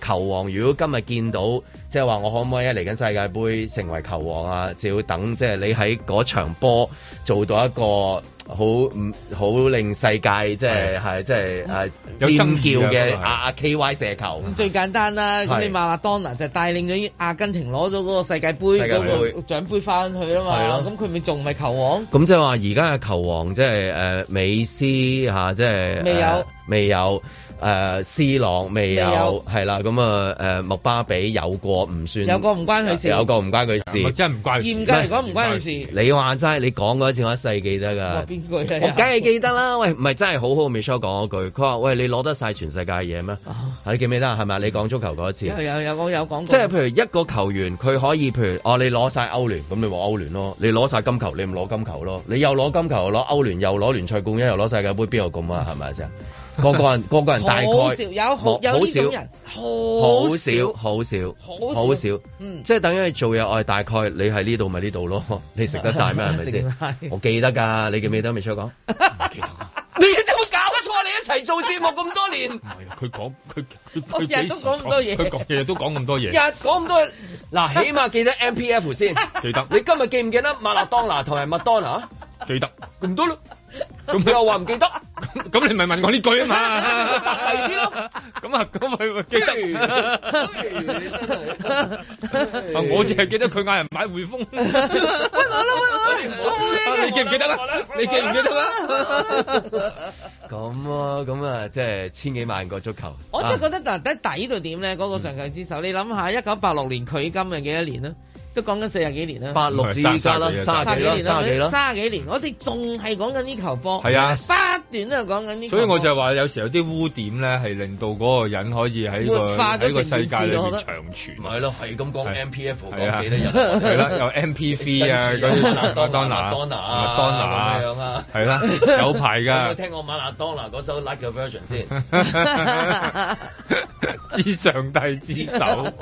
B: 球王，如果今日見到，即係話我可唔可以一嚟緊世界盃成為球王啊？就要等即係、就是、你喺嗰場波做到一個好唔好令世界即係係即係尖叫嘅阿阿 K Y 射球、
C: 嗯。最簡單啦，咁你馬勒當拿就帶領咗阿根廷攞咗個個世界盃嗰個獎杯翻、那個、去啊嘛。咁佢咪仲係球王？咁
B: 即係話而家嘅球王即係、呃、美斯、啊、即係未有，未有。啊未有誒、呃、C 朗未有，係啦，咁、呃、啊，誒，麥巴比有過，唔算有過，唔關佢事，有過唔關佢事，真唔關佢事。嚴格嚟講，唔
C: 關佢事。
B: 你話齋，你講嗰一次我一世記得㗎。邊個？
C: 我梗
B: 係記得啦。喂，唔係真係好好未 Michelle 講嗰句，佢話：喂，你攞得晒全世界嘢咩、哦？你記唔記得？係咪？你講足球嗰一次。有
C: 有我有講
B: 過，即係譬如一個球員，佢可以譬如哦，你攞晒歐聯，咁你話歐聯咯；你攞晒金球，你唔攞金球咯；你又攞金球，攞歐聯，又攞聯賽冠軍，又攞世界杯，邊個咁啊？係咪先？個個人個個人大概，好少有好有呢種人，好少
D: 好少好
B: 少，少，少，少，嗯，即係等於你做嘢，我大概你喺呢度，咪呢度咯，你食 得晒咩？係咪先？我記得噶，你記唔記得未出講？
C: 你都冇搞錯，你一齊做節目咁多
B: 年，唔係啊。佢講佢佢日都講咁多嘢，佢講日日都講咁多嘢，日講咁多，嘢，嗱，起碼記得 M P F 先，記得，你今日記唔記得麻 辣當拿同埋麥當娜？記得，咁多咯。咁佢又話唔記得？咁 你咪係問我呢句啊嘛
A: ？咁啊，咁係唔記得。
D: 完、 哎？ 我淨係
B: 記得佢嗌人買匯豐
D: 喂。屈來啦，屈你記唔記得啦？你記唔記得啦？
B: 咁啊，咁啊，即係、 就是、千幾萬個足球。我真係覺
C: 得嗱，得、啊、底到點咧？嗰、那個上帝之手，嗯、你諗下，一九八六年佢今係幾多年啦？都講緊四十幾年啦，八六至三啦，三幾年三十幾年三十幾年，三十幾年，三十幾年，我哋仲係講緊呢球波，係啊，花段都係講緊呢。所以我就
A: 話，有時候有啲污點咧，係令到嗰個人可以喺個呢個世界裏面
C: 長存。
B: 係咯，係咁講 M P F 講幾多人？係啦、啊 啊，有 M P V 啊，嗰啲馬拉多拿、馬拉多拿啊，咁樣啊，
A: 係、啊、啦、啊啊啊，有排㗎。有冇聽
B: 過馬拉多拿嗰首《Like A Virgin》先，
D: 知上帝之手。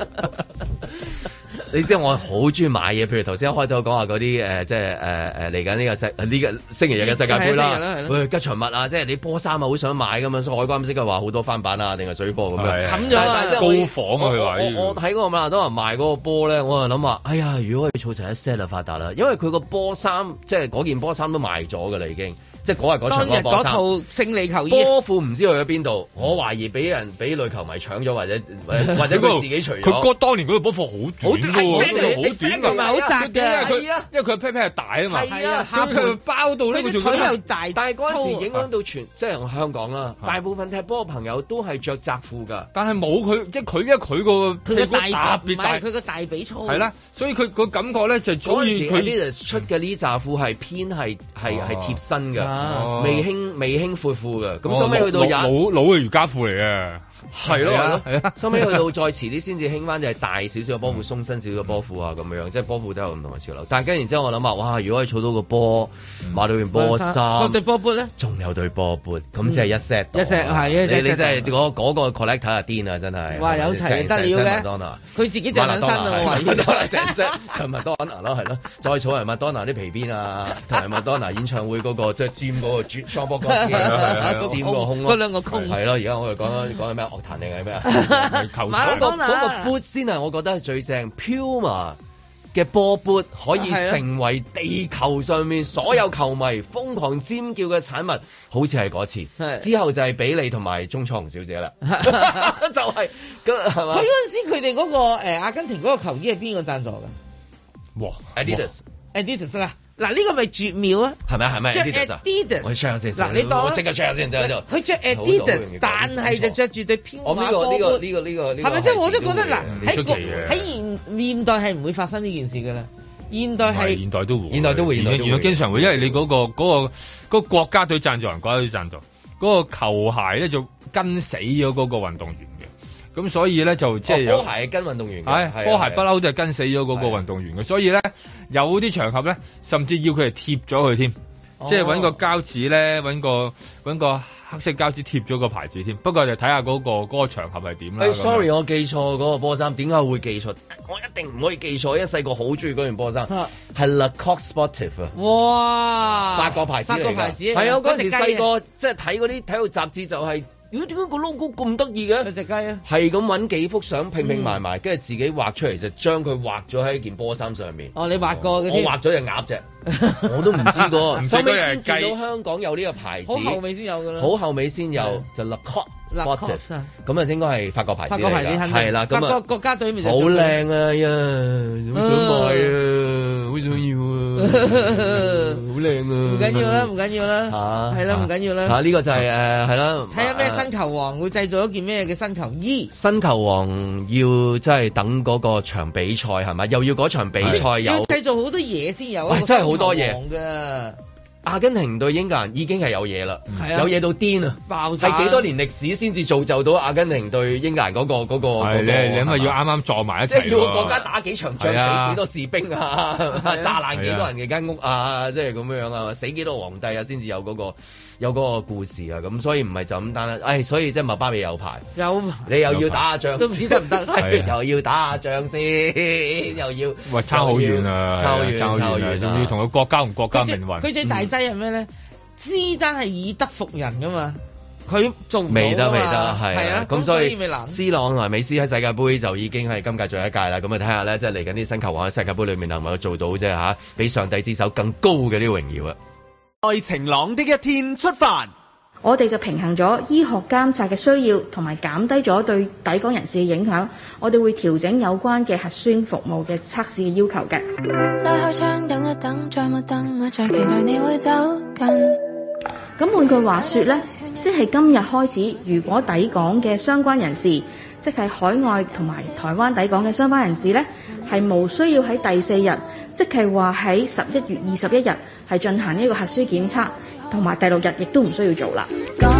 B: 你知道我好中意買嘢，譬如頭先開頭講下嗰啲誒，即係誒誒嚟緊呢個世呢個、啊、星期日嘅世界盃啦。喂、哎，吉祥物，吉祥物、就是、啊！即係你波衫啊，好想、這個、買咁樣，所以海關唔識話好多翻版啊，定係水貨咁樣。冚咗啦，高仿啊！佢話我睇嗰個馬拉多納賣嗰個波咧，我就諗話，哎呀，如果可以儲齊一 set 就發達啦，因為佢個波衫即係嗰件波衫都賣咗㗎啦，已經即係嗰日嗰套
C: 勝利球衣波褲
B: 唔知去咗邊度，我懷疑俾人俾女球迷搶咗，或者或者佢自己除佢哥、 那個、當年嗰個波褲好短。係啊，好、啊、短同埋好窄嘅，佢啊、啊、啊、啊，因為佢 pair 係大啊嘛，係啊，佢
C: 包到咧，佢仲，大，但係嗰陣時影響
B: 到全，啊、即係香港啦。大部分踢波嘅朋友都係着窄褲噶，但係冇佢，即係佢，因為佢個佢嘅大，唔係佢
C: 個大髀粗，
B: 係啦、啊，所以佢個感覺咧就嗰陣時佢呢度出嘅呢啲窄褲係偏係係係貼身嘅、啊啊，未興未興闊褲嘅。咁、啊、後屘去到老老嘅瑜伽褲嚟嘅。係咯，係咯，收尾去到再遲啲先至興翻，就係大少少嘅波褲、嗯、鬆身少少嘅波褲啊咁樣樣，即係波褲都有唔同嘅潮流。但係跟然之後我諗下，哇！如果可以儲到個波買到件波衫、啊，對波撥咧，仲有對波撥，咁即係一 set。一 set 係啊！你你即係嗰個、那個、collect 係癲啊！真係哇是是！有齊得料咧，佢
C: 自己就兩身啊嘛，哇
B: ！set 咯，係再儲埋麥當娜啲皮鞭啊，同埋麥當娜演唱會嗰個即係占嗰個雙波個空，嗰兩個空係咯。而家我哋講緊講係咩？ 壇定係咩啊？馬拉多納嗰個 boot 先係我覺得最正，Puma 嘅波 boot 可以成為地球上面所有球迷瘋狂尖叫嘅產物，好似係嗰次。 之後就係比利同埋中創小姐啦、 就是，就係咁係嘛？佢嗰陣
C: 時佢哋嗰個誒阿根廷嗰個球衣係邊個贊助㗎？哇
B: ，Adidas，Adidas
C: Adidas 啊！嗱、這、呢個咪絕妙啊，
B: 係咪係咪？著 Adidas，嗱你當我即刻著下先，喺度。佢著 Adidas，
C: 但係就著住對偏碼我呢過呢個呢個呢個呢個。係咪即係我都覺得嗱喺、啊、現代係唔會發生呢件事㗎啦，現代係現
A: 代都會，原來經常會,會，因為你嗰、那個嗰、那個那個國家對贊助人、國家隊贊助嗰、那個球鞋呢就跟死咗嗰個運動員嘅。咁所以咧就即係有、哦、波
B: 鞋係跟運動員嘅，波鞋不嬲
A: 就係跟死咗嗰個運動員嘅，所以咧有啲場合咧，甚至要佢係貼咗佢添，
D: 即係揾個
A: 膠紙咧，揾個揾個黑色膠紙貼咗個牌子添。不過
B: 就睇下嗰個嗰、嗰個場合係點啦。哎、sorry，我記錯嗰個波衫，點解會記錯？我一定唔可以記錯，因為細個好中意嗰件波衫，係 Le Coq 啊！Sportif，
C: 哇，法國牌子嚟㗎，法國牌子，係啊，嗰陣時細個、
B: 啊、即係睇嗰啲體育雜誌就係、是。咦，點解個
C: logo 咁得意嘅？佢隻雞啊、嗯找，
B: 係咁搵幾幅相拼拼埋埋，跟住自己畫出嚟，就將佢畫咗喺一件波衫上面。
C: 哦，你畫過的，我畫
B: 咗隻鴨啫。 我都唔知個，後尾先見到香港有呢個牌
C: 子，好後
B: 尾先有㗎喇。好後尾先有就 Lacoste，咁就應該係法國牌子，法國牌子係啦，咁啊國家隊咪就好靚呀，好想買呀，好想要呀。好靚呀，唔緊要啦，唔
C: 緊要啦，係啦，唔緊要啦。嚇、啊、呢、啊啊呢個就係、是、係、啊、啦。睇下咩新球王會製造一件咩嘅新球衣。
B: 新球王要即係等嗰個場比賽係咪？又要嗰場比賽又。要製
C: 造好多嘢先有。哇！好
B: 多嘢嘅，阿根廷對英格蘭已經係有嘢啦，係啊，有嘢到癲啊，爆晒！係幾多年歷史先至造就到阿根廷對英格蘭嗰個嗰個？係、那個、你係咪要啱啱撞埋一齊，即、就、係、是、要個國家打幾場仗，死幾多士兵啊，炸爛幾多人嘅間屋啊，即係咁樣啊，就是、樣死幾多皇帝啊，先至有嗰、那個。有嗰個故事啊，咁所以唔係就咁單啦，誒、哎，所以即係麥巴比有排有，你又要打下仗， 都唔知得唔得，啊、 又要打下仗先，
C: 又要，
A: 喂，差好遠啊，差好遠、啊，差好遠、啊，仲、啊啊啊、要同個國家同國家命運。佢
B: 最大
C: 劑係咩咧？知單係以德服人噶嘛，佢仲未得未得係啊，咁、啊嗯、所以，所以 C
B: 朗同埋美斯喺世界杯就已經係今屆最後一屆啦，咁啊睇下咧，即係嚟緊啲新球王喺世界杯裏面係咪有做到啫吓？比上帝之手更高嘅呢個榮耀啊！
G: 在晴朗的一天出發。我哋就平衡咗醫學監察嘅需要，同埋減低咗對抵港人士嘅影響。我哋會調整有關嘅核酸服務嘅測試嘅要求嘅。拉開窗，等一等，再等，漫長期待你會走近。咁換句話說，呢即係今日開始，如果抵港嘅相關人士，即係海外同埋台灣抵港嘅相關人士，呢係無需要喺第四日。即係話喺十一月二十一日係進行呢一個核酸檢測，同埋第六日亦都唔需要做啦、啊啊。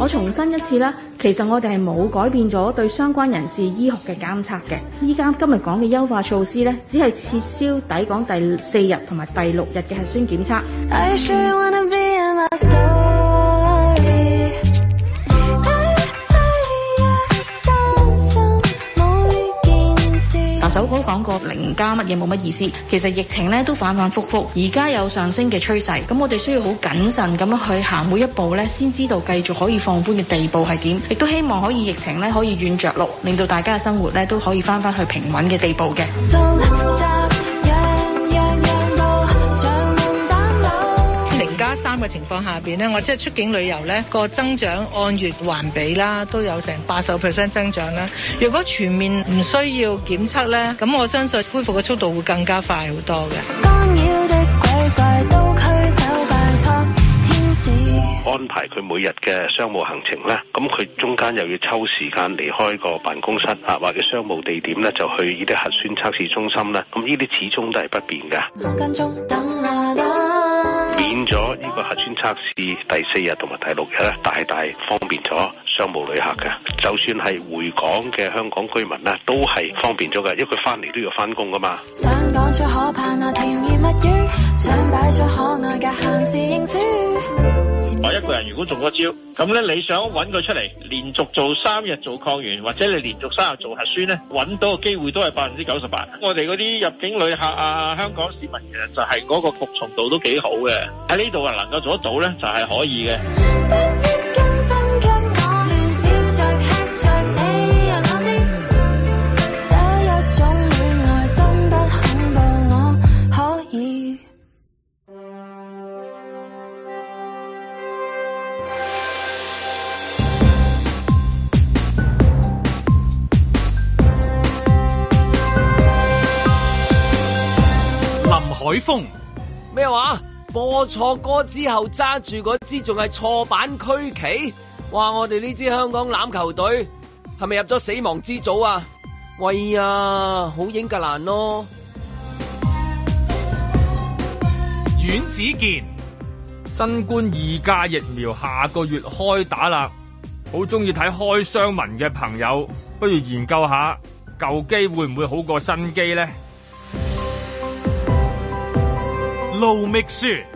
G: 我重申一次啦，其實我哋係冇改變咗對相關人士醫學嘅監測嘅，依家今日講嘅優化措施咧，只係撤銷抵港第四日同埋第六日嘅核酸檢測。I 首稿講過零加乜嘢冇乜意思，其實疫情咧都反反覆覆，而家有上升嘅趨勢，咁我哋需要好謹慎咁樣去行每一步咧，先知道繼續可以放寬嘅地步係點，亦都希望可以疫情咧可以軟着陸，令到大家嘅生活咧都可以翻返去平穩嘅地步嘅。So,
C: 三個情況下呢，我即係出境旅遊呢個增長按月環比啦，都有成八十 percent 增長啦。如果全面唔需要檢測呢，咁我
G: 相信恢復嘅速度會更加快好多嘅。
A: 安排佢每日嘅商務行程呢，咁佢中間又要抽時間離開個辦公室啊，或者商務地點呢，就去呢啲核酸測試中心啦。咁呢啲始終都係不便嘅。免咗呢個核酸測試第四日同埋第六日咧，大大方便咗商務
F: 旅客嘅。就算係回港嘅香港居民咧，都係方便咗嘅，因為佢返嚟都要返工㗎嘛。
G: 想
A: 我一個人如果中咗招，咁咧你想揾佢出嚟，連續做三日做抗原，或者你連續三日做核酸咧，揾到嘅機會都係百分之九十八。我哋嗰啲入境旅客啊，香港市民其實就係嗰個服從度都幾好嘅，喺呢度啊能夠做得到咧就係可以嘅。不海風
B: 咩話播錯歌之後揸住嗰支仲係錯版區旗。哇！我哋呢支香港籃球隊係咪入咗死亡之組啊？喂、哎、啊，好英格蘭咯！阮子健。
A: 新冠二價疫苗下個月開打啦。好中意睇開箱文嘅朋友，不如研究下舊機會唔會好過新
C: 機呢？盧覓雪，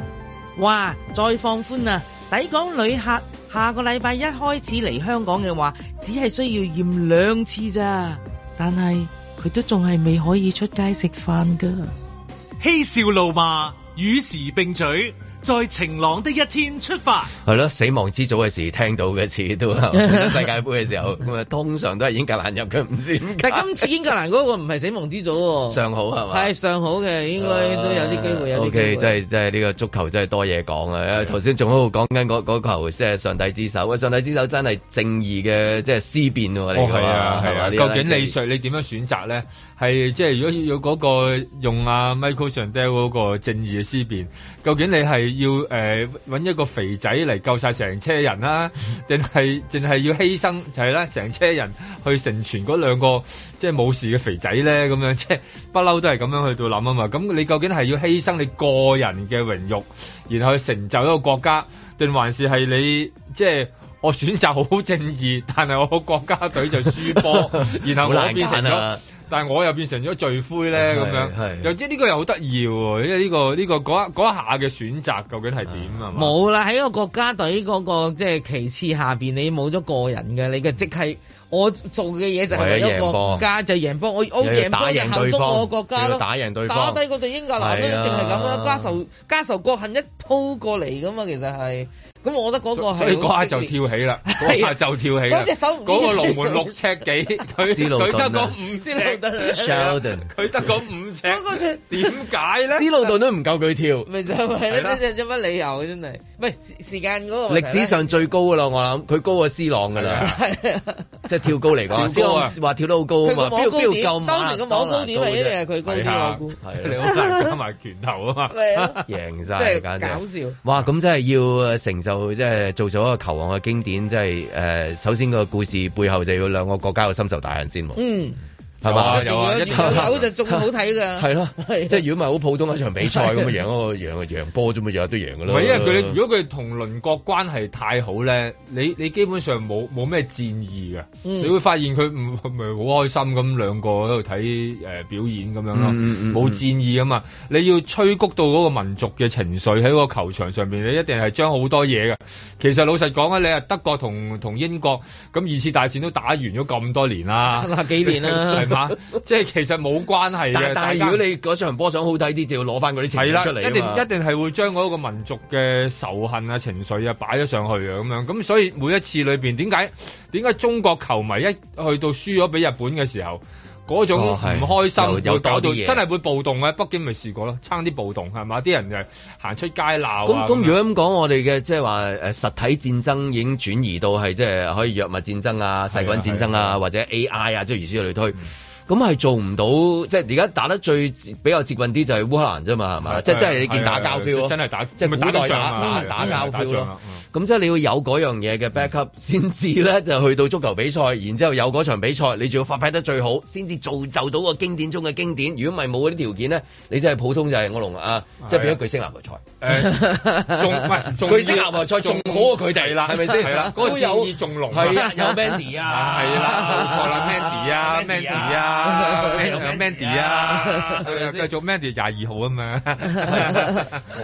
C: 哇！再放寬啊！抵港旅客下個禮拜一開始嚟香港嘅話，只係需要驗兩次咋。但係佢都仲係未可以出街食飯噶。
B: 嬉笑怒罵，與時並舉。
C: 在晴朗的一天出發。
B: 係咯，死亡之組嘅時聽到嘅次都係世界盃嘅時候，咁 啊通常都係英格蘭入嘅，唔
C: 知道但今次英格蘭嗰個唔係死亡之組喎，尚好係嘛？係尚好嘅，應該都有啲機會。OK，真係
B: 真係呢個足球真係多嘢講啊！頭先仲喺度講緊嗰球，即係上帝之手。上帝之手真係正義嘅，即係思辨嚟㗎嘛？係、哦、嘛？究竟瑞你選你點樣選擇咧？係即係，
A: 如果要嗰，那個用阿，啊、Michael Sandel 嗰個正義嘅思辨，究竟你係要誒搵，呃、一個肥仔嚟救晒成車人啦，啊，定係淨係要犧牲就係咧成車人去成全嗰兩個即係冇事嘅肥仔咧咁樣，即係不嬲都係咁樣去到諗啊嘛。咁你究竟係要犧牲你個人嘅榮譽，然後去成就一個國家，定還是係你即係我選擇好正義，但係我個國家隊就輸波， 然後我變成咗 但係我又變成咗罪魁咧咁、嗯、樣又即係呢個又好得意喎，因為呢、呢個呢、呢個嗰一嗰一下嘅選擇究竟係點啊？冇、
C: 嗯、啦，喺個國家隊嗰、嗰個即係、即係、其次下邊，你冇咗個人嘅你嘅即係。嗯我做嘅嘢就係一個國家就贏波，我贏打贏我贏波贏中我國家打贏對打低嗰對英格蘭都一定係咁啦。家仇家仇國恨一鋪過嚟噶嘛，其實係咁，我覺得嗰個係你嗰下就跳起啦，嗰下、啊、就跳起。嗰隻、啊、手，嗰、嗰個龍門六
A: 尺幾，佢得嗰五
D: 先走得嚟。
A: 施路頓佢
B: 得個
C: 五尺。嗰
B: 點解咧？施路頓都唔夠佢跳，
C: 咪就係咯，呢隻乜理由真係？唔係時間嗰個歷史上
B: 最高噶啦，我諗佢高過 C 朗噶啦，跳高嚟講，跳高啊，話跳得好高啊嘛！當時
C: 嘅網高點係一定係？佢高啲網高，係你攞加埋拳頭啊嘛！贏晒，即係搞笑。
B: 哇！咁真係要承受，即係做咗一個球王嘅經典，即係誒，首先個故事背後就要兩個國家嘅深仇大恨先。嗯。
C: 係嘛、啊啊啊？如果如果就仲好睇噶、 啊，係
B: 咯、啊啊，即係如果唔係好普通一場比賽咁樣贏個贏啊贏波啫嘛，日日都贏噶啦。唔係因為佢如
A: 果佢同鄰國關係太好咧， 你你基本上冇冇咩戰意噶，嗯、你會發現佢唔係好開心咁，兩個喺度睇誒表演咁樣咯，冇、嗯嗯、戰意啊嘛。嗯、你要吹谷到嗰個民族嘅情緒喺個球場上面，你一定係將好多嘢噶。其實老實講啊，你啊德國同同英國咁二次大戰都打完咗咁多年啦、啊，七十幾年啦、啊。 吓，即係其實冇關係嘅，但係如果你
B: 嗰場波想好睇啲，就要攞翻嗰啲情緒出嚟，一定一
A: 定係會將嗰個民族嘅仇恨啊情緒啊擺咗上去啊咁樣，咁所以每一次裏邊點解點解中國球迷一去到輸咗俾日本嘅時候，嗰種唔開心、哦、有有會搞到真係會暴動嘅，北京咪試過咯，差啲暴動係嘛？啲人就係行出街鬧。咁咁如果
B: 咁講，我哋嘅即係話實體戰爭已經轉移到係即係可以藥物戰爭啊、細菌戰爭啊，啊啊或者 AI 啊，即係如此類推。嗯。咁係做唔到，即係而家打得最比較接近啲就係烏克蘭啫、就是就是就是、嘛，係嘛？即係真係你見打交 feel，真係打，打打打打打打打嗯、即係打打打打交 feel。咁即係你要有嗰樣嘢嘅 backup 先、嗯、至咧，就去到足球比賽，然之後有嗰場比賽，你仲要發揮得最好，先至造就到個經典中嘅經典。如果唔係冇嗰啲條件咧，你真係普通就係我龍啊，即係變一巨星籃球賽。
D: 誒，仲唔係？巨星籃球賽仲好過佢哋啦，係咪先？係啦，嗰個仲濃，係
A: 啊，有 Mandy 啊，啊。Mandy 啊，Mandy 啊，繼續做 Mandy 廿、啊、二、啊啊啊啊、號啊嘛，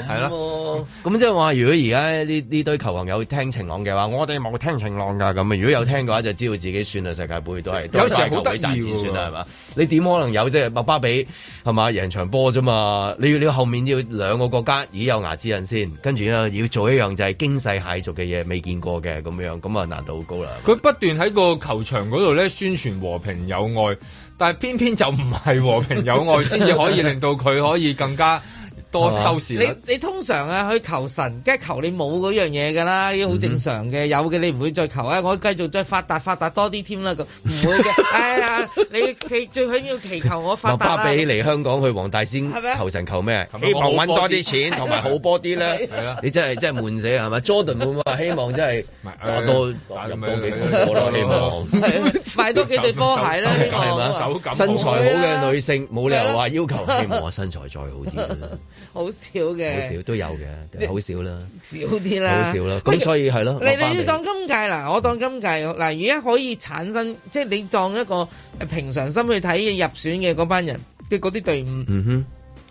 A: 係 咯 對吧。
B: 咁即係話，如果而家呢呢堆球王有聽晴朗嘅話，我哋冇聽晴朗㗎。咁如果有聽嘅話，就知道自己算啦。世界盃都係，有時好抵算得意喎。你點可能有啫？麥巴比係嘛，贏場波啫嘛。你要你後面要兩個國家已經有牙齒印先，跟住咧要做一樣就係驚世駭俗嘅嘢，未見過嘅咁樣，咁啊難度好高啦。佢不斷
A: 喺個球場嗰度咧宣傳和平友。愛，但係偏偏就唔係和平友愛，先 至可以令到佢可以更加。多收你
C: 你通常啊去求神，梗係求你冇嗰樣嘢噶啦，好正常嘅、嗯。有嘅你唔會再求啊、哎，我繼續再發達發達多啲添啦，唔會嘅。 哎呀，你祈最緊要祈求我發達，巴比
B: 嚟香港去黃大仙，求神求咩？希望揾多啲錢，同 埋好波啲咧。你真係真係悶死啊，係咪？Jordan 會唔會希望真係攞多入多幾對波希望買多幾對波鞋咧？係嘛，身材好嘅女性冇、啊、理由話要求 希望我身材再好啲
C: 嘅。好少嘅，
B: 好少都有嘅，好
D: 少啦，少啲啦，好少啦。咁所以係咯，你哋要當
C: 今屆啦，我當今屆嗱，而家可以產生，即係你當一個平常心去睇嘅入選嘅嗰班人嘅嗰啲隊伍，嗯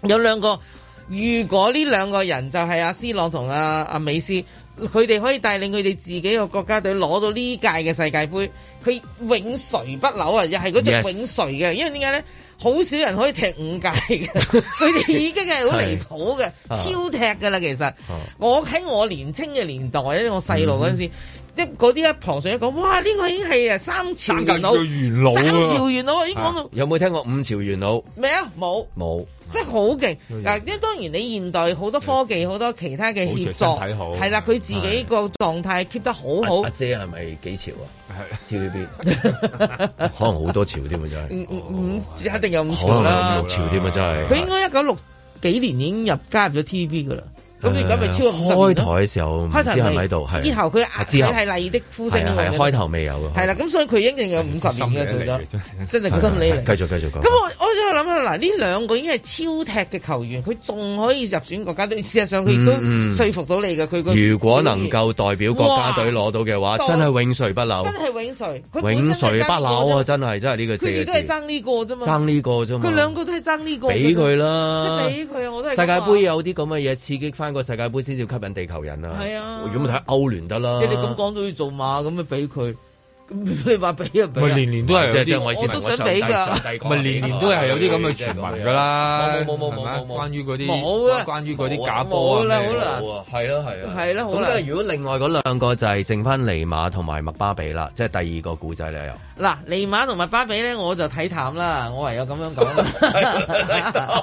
D: 哼，
C: 有兩個，如果呢兩個人就係阿斯朗同阿阿美斯，佢哋可以帶領佢哋自己嘅國家隊攞到呢屆嘅世界杯，佢永垂不朽啊！又係嗰隻永垂嘅，yes. 因為點解咧？好少人可以踢五屆嘅，佢哋已經係好離譜嘅， 啊、超踢噶啦。其實我喺我年青嘅年代咧，我細路嗰陣時。嗯.啲嗰啲啊，旁上一講，哇！呢、這個已經係啊三朝元老，三朝元老、啊、三朝元老已經講到、啊。
B: 有冇聽過五朝元老？
C: 咩啊？冇冇，即係好勁嗱！因為當然你現代好多科技，好多其他嘅協助，
B: 係啦，佢自己
C: 個狀態 keep 得好好。阿、
B: 啊啊、姐係咪幾朝啊？係 TVB， 可能好多朝添啊！真係、哦、
C: 五五一定有五朝啦、啊。六朝
B: 添啊！真係。佢應
C: 該一九六幾年已經入加入咗 TVB 噶啦。咁而家咪超過開台
B: 嘅時候，之後喺度，之後佢壓，之後係麗
C: 的呼聲的，係、啊啊啊、開頭未有嘅。係啦、啊，咁所以佢應定有五十年嘅做咗，真係心理嚟、啊。繼
B: 續繼續講。咁
C: 我我喺度諗啊，嗱，呢兩個已經係超踢嘅球員，佢仲可以入選國家隊。事實上佢亦都説服到你嘅。佢、那個嗯嗯、如
B: 果能夠代表國家隊攞到嘅話，真係永垂不朽。
C: 真係永垂，永
B: 垂不朽啊！真係真係呢個，個字。佢哋都係
C: 爭呢個啫嘛。爭
B: 呢個啫嘛。佢兩
C: 個都係爭呢個。俾佢啦，即係俾佢，我都係。世界盃有
B: 啲咁嘅嘢刺激翻。個世界杯先至吸引地球人啊！如果唔睇歐聯得啦。即係你咁
C: 講都要做馬咁樣俾佢。你話俾啊俾啊，咪年年都係即係啲，我都想俾㗎。咪年年都係有啲咁嘅傳
E: 聞
A: 㗎啦。冇冇冇冇冇，關於嗰啲冇啊，關於嗰啲假波啦係
C: 啦係啊，係、啊、啦，
A: 好啦，
B: 如果另外嗰兩個就係剩翻尼馬同埋麥巴比啦，即係第二個故仔嚟又。
C: 嗱，尼馬同麥巴比咧，我就睇淡啦，我唯有咁樣講啦，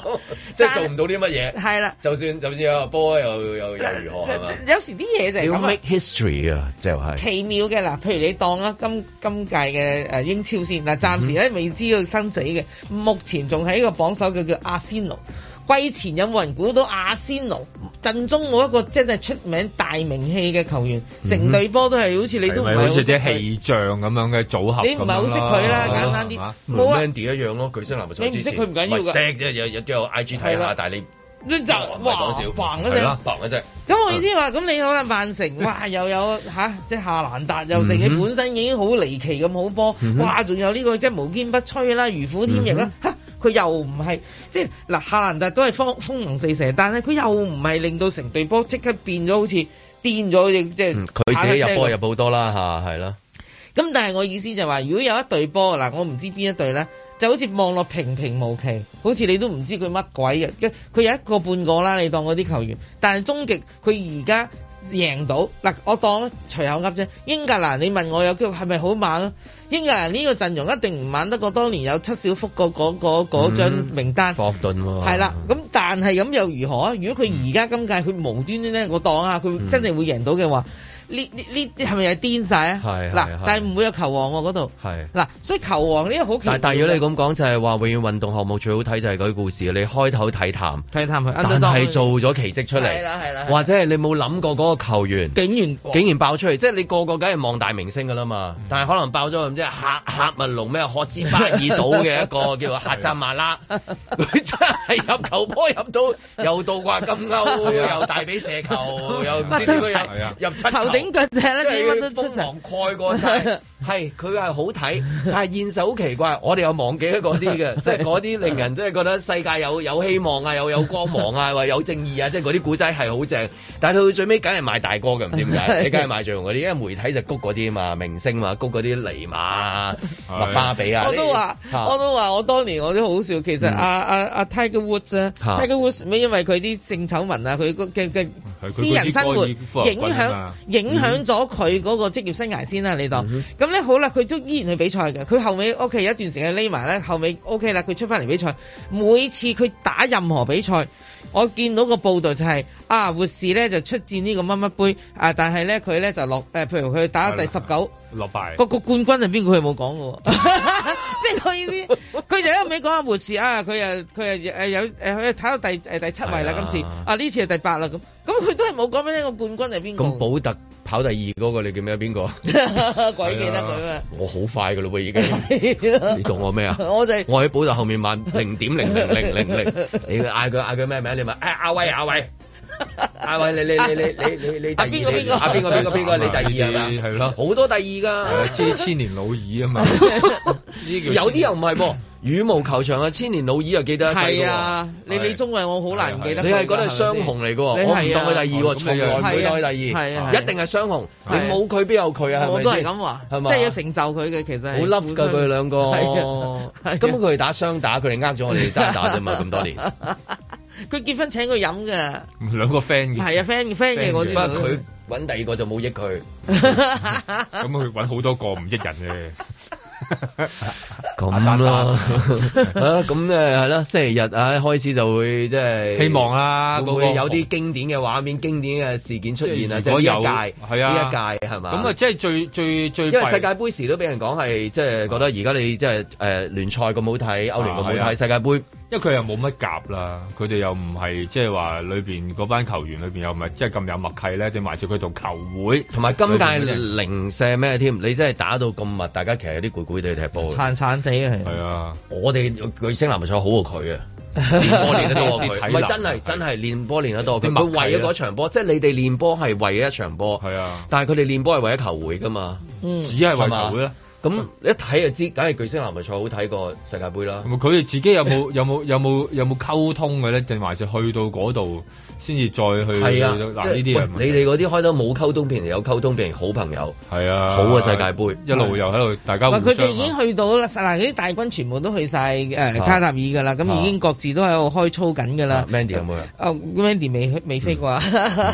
B: 即係做唔到啲乜嘢。係啦，就算就算有個波又又又如何係
C: 嘛？有時啲嘢就係要 make
B: history 啊、就是，
C: 即係奇妙嘅啦，譬如你當啦咁。今屆嘅誒英超先嗱，暫時咧未知佢生死嘅，目前仲係一個榜首嘅叫阿仙奴。季前有冇人估到阿仙奴陣中冇一個真係出名大名氣嘅球員，成隊波都係好似你都唔係好似啲氣
A: 象咁
B: 樣嘅組
C: 合。你唔係好識佢啦，哦，簡單啲，冇啊
B: ，n d 一樣咯，巨星男，
C: 你唔識佢唔緊要噶，
B: 有有都有 IG 睇下，但係你。
C: 就橫橫嗰隻，咁我意思話，咁你好啦，嗯、可能曼城哇又有吓、啊，即係夏蘭達又成，佢本身已經好離奇咁好波，哇仲有呢、這個即係無堅不摧啦，如虎添翼啦，吓、啊、佢又唔係即係嗱夏蘭達都係風風龍四射，但係佢又唔係令到成隊波即刻變咗好似癲咗即係佢自己入波入
B: 好多啦吓，係、啊、啦。
C: 咁但係我意思就話、是，如果有一隊波嗱，我唔知邊一隊咧。就好似望落平平無奇，好似你都唔知佢乜鬼嘅。佢有一個半個啦，你當嗰啲球員。但係終極佢而家贏到嗱，我當隨口噏啫。英格蘭你問我有機會係咪好猛啊？英格蘭呢個陣容一定唔猛得過當年有七小福個嗰嗰張名單。霍、嗯、頓喎、啊。係啦，咁但係咁又如何啊？如果佢而家今屆佢無端端咧，我當下佢真係會贏到嘅話。呢呢呢係咪又癲晒？啊？係嗱，但係唔會有球王喎嗰度。嗱，係係所以球王呢個好奇怪，但。但係如果你
B: 咁講，就係話永遠運動項目最好睇就係嗰啲故事。你開頭睇淡，睇淡佢，係做咗奇蹟出嚟。或者你冇諗過嗰個球員竟然竟然爆出嚟，即係你個個梗係望大明星㗎啦嘛。嗯、但係可能爆咗即係黑黑文龍咩？荷茲巴爾島嘅一個叫做客扎馬拉，真 係對呀 入球波入到又倒掛金鈎， 又大髀射球，又唔 入咁嗰隻咧，即係瘋狂蓋過曬，係佢係好睇，但係現實好奇怪，我哋又忘記咗嗰啲嘅，即係嗰啲令人即係覺得世界有有希望啊，又有，有光芒啊， 或有正義啊，即係嗰啲古仔係好正，但係佢最尾梗係賣大哥嘅，唔知點解， 你梗係賣最紅嗰啲，因為媒體就谷嗰啲啊嘛，明星嘛，谷嗰啲尼
C: 瑪
D: 啊，麥巴比啊，我都話、啊，我都
C: 話，我當年我都好笑，其實阿阿阿 Tiger Woods 啊，Tiger Woods，因為佢啲性醜聞啊，佢嘅嘅私人生活影響影響咗佢嗰個職業生涯先啦，啊，嗯、呢度咁咧好啦，佢都依然去比賽嘅。佢後尾 O K 有一段時間匿埋咧，後尾 O K 啦，佢，OK，出翻嚟比賽。每次佢打任何比賽，我見到個報道就係、是、啊，活士咧就出戰呢個乜乜杯啊，但係咧佢咧就落誒、呃，譬如佢打咗第十九。落敗個，個個冠軍係邊 個？佢冇講嘅，即係講意思，佢就一味講阿梅士啊，佢啊佢啊誒有誒去睇到第誒第七位啦，今次啊呢次係第八啦，咁咁佢都係冇講俾一個冠軍係邊個。咁
B: 保特跑第二嗰個你叫咩？邊個？
C: 鬼記得佢 啊！
B: 我好快噶咯噃，已經、 啊、你當我咩啊、就是？我就我喺保特後面慢零點零零零零零，你嗌佢嗌佢咩名？你問，阿威阿威。阿 偉，你你你你你你
D: 你、啊啊啊、你第二，阿邊個邊個邊個你第二啊？係咯，
B: 好多第二噶、啊 哦。知千年老二啊嘛， 嘛？有啲又唔係噃，羽毛球場嘅千年老二又記得一、哦。係啊，你你李
C: 宗偉我好難唔記得、啊啊啊啊啊啊啊。你係覺得係雙雄
B: 嚟噶？我唔當佢第二，從來唔當佢第二。係啊，啊，一定係雙雄。你冇佢邊有佢啊，啊，啊，啊？我都係咁話，係咪、啊？即、就、係、是、要
C: 成就佢嘅，其實好笠噶佢兩個。
B: 根本佢哋打雙打，佢哋呃咗我哋單打啫嘛。咁多年。
C: 佢結婚請佢飲㗎，
B: 兩個 friend 嘅係啊
C: ，friend，friend 嘅我。咁啊，佢
B: 揾第二個就冇益佢。咁佢揾好多個唔益人嘅。咁 咯、啊，啦、啊，咁咧係啦，星期日啊開始就會即係、就是。希望啦、啊，會，會有啲經典嘅畫面、那個、經典嘅事件出現啊！即係呢一屆，係啊，呢一屆係嘛？咁啊，即係最最最，因為世界杯時都俾人講係，即、就、係、是、覺得而家你即係誒聯賽咁好睇，歐聯咁好睇、啊，世界杯。因為佢
A: 又冇乜夾啦，佢哋又唔係即係話裏邊嗰班球員裏邊又唔係即係咁有默契
B: 咧，你埋住佢做球會，同埋今屆零舍咩添？你真係打到咁密，大家其實有啲攰攰地踢波，殘殘地係。係啊，的的我哋佢星聯賽好過佢啊，練
D: 波練得多過佢。唔 係真
B: 係 真係練波練得多佢，佢為咗嗰場波，即係你哋練波係為咗一場波。係啊、就是，但係佢哋練波係為咗球會噶嘛，嗯、
D: 只係為了球
B: 會。是咁你一睇就知，梗係巨星男籃賽好睇過世界杯啦。咁佢哋自己有冇有冇 有冇
A: 有冇溝通嘅咧？定係去到嗰度？先至再去嗱，呢啲
B: 你哋嗰啲開到冇溝通，譬如有溝通，譬如好朋友，啊，好嘅世界盃、啊、一路又喺度，大
C: 家。唔佢哋已經去到啦，嗱、啊，嗰啲大軍全部都去晒、呃、卡塔爾㗎啦，咁、啊、已經各自都喺度開操緊㗎啦。Mandy 有冇啊，啊？Mandy 未未飛過啊，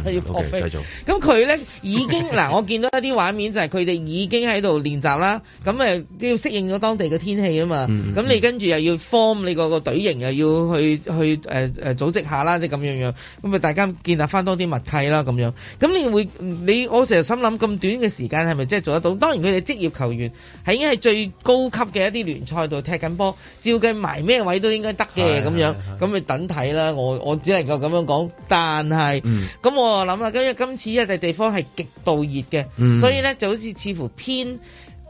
C: 嗯、 要破飛。咁佢咧已經嗱， 我見到一啲畫面就係佢哋已經喺度練習啦，咁誒都要適應咗當地嘅天氣啊嘛。咁、嗯、你跟住又要 form 你個個隊形，又要去去誒誒、呃、組織下啦，即、就、咁、係、樣樣咁大家建立翻多啲默契啦，咁樣，咁你會你我成日心諗咁短嘅時間係咪真係做得到？當然佢哋職業球員係應該係最高級嘅一啲聯賽度踢緊波，照計埋咩位都應該得嘅，咁樣，咁咪等睇啦。我我只能夠咁樣講，但係咁、嗯、我諗諗啦，今日今次一個地方係極度熱嘅，嗯、所以咧就好似似乎偏。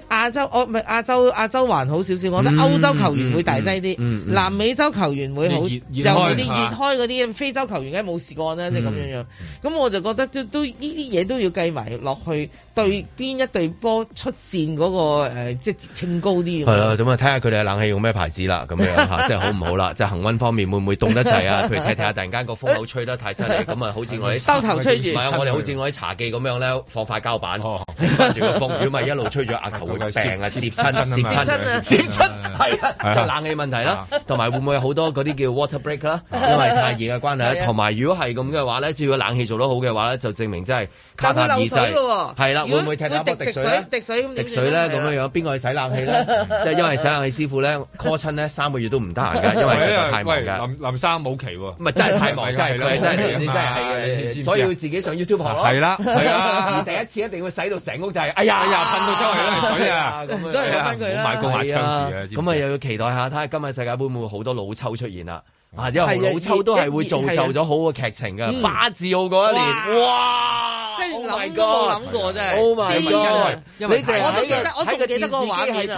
C: 亞洲我唔係亞洲亞洲還好少少，我覺得歐洲球員會大劑啲，嗯嗯嗯嗯嗯，南美洲球員會好，又啲熱開嗰啲，啊、非洲球員梗係冇事幹啦，即係咁樣樣。咁、嗯、我就覺得都呢啲嘢都要計埋落去對邊一隊波出線嗰、那個、呃、即係升高啲。係咯，
B: 咁啊睇下佢哋嘅冷氣用咩牌子啦，咁樣即係、就是、好唔好啦？即係恆溫方面會唔會凍得滯啊？譬如踢踢下突然間個風口吹得太犀利，咁 啊好似我啲兜、嗯、頭吹住，我哋好似我啲茶記咁樣咧，放塊膠板跟住個風雨咪一路吹咗，個、啊、球、啊啊啊啊成日蝕親蝕親蝕
D: 親，係啊，啊！就係、冷氣
B: 問題啦、啊，同埋、啊、會唔會有好多嗰啲叫 water break 啦、啊啊？因為太熱嘅關係、啊，同埋、啊、如果係咁嘅話咧，只要冷氣做得好嘅話咧，就證明真係卡佢流水嘅係啦，會唔會踢得滴滴水呢滴
C: 水滴水咧？咁樣
B: 呢、啊、樣邊個去洗冷氣咧？即係、啊就係、因為洗冷氣師傅咧 call 親咧三個月都唔得閒㗎， 因為太忙㗎。林林生冇期喎、啊。唔係真係太忙，真係真係所以要自己上 YouTube 學係啦，係啊！第一次一定會洗到成屋就係哎呀，呀、啊，噴到周圍都係水啦。嗯、都買買啊，都係跟佢啦，唔好買高壓槍子咁啊，又要期待下，睇下今日世界杯會唔會好多老抽出現啦？啊、嗯，因為老抽都係會造就咗好嘅劇情嘅。巴治奧嗰一
D: 年、嗯，哇，即係諗、oh、都冇諗過、啊、真係。好、oh、耐，我都記得，我仲記得個畫面，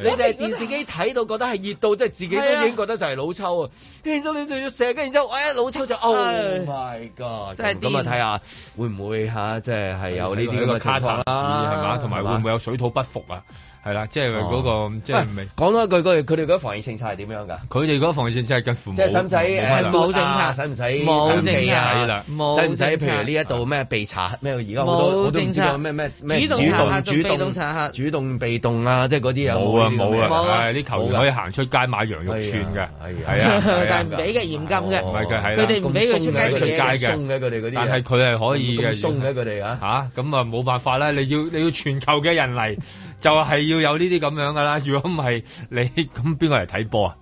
B: 你哋係電視機睇到覺得係熱到，即係自己都已經覺得就係老抽啊！然到你仲要射，跟住之後，哎，老抽就，Oh my god！即係點啊？睇下會
A: 唔會嚇，即係係有呢啲咁嘅差別啦，係嘛？同埋會唔會有水土不服啊？係啦，即係嗰，那個，哦，即係明
B: 講多一句，佢佢哋嗰個防疫政策係點樣噶？
A: 佢哋嗰個防疫政策係近乎冇政策，使唔使冇政策？冇啦，冇政策，使唔使？譬如呢
B: 一度咩被查咩？而家好多我都唔知道咩咩，啊，主動主動查客主動，主動被動啊，即係嗰啲又冇啊冇啊，係啲球員可以行出街買羊肉串嘅，係啊，啊，
A: 啊，啊，
C: 啊，啊，啊，但係唔俾嘅，嚴禁嘅，佢哋唔俾佢出街嘅嘢嘅，鬆嘅佢
A: 哋嗰啲，但係佢係可以嘅，鬆嘅佢哋啊吓咁啊冇辦法啦，你要你要全球嘅人嚟。哦就係、是、要有呢啲咁樣噶啦，如果唔係，你咁邊個嚟睇波
C: 啊？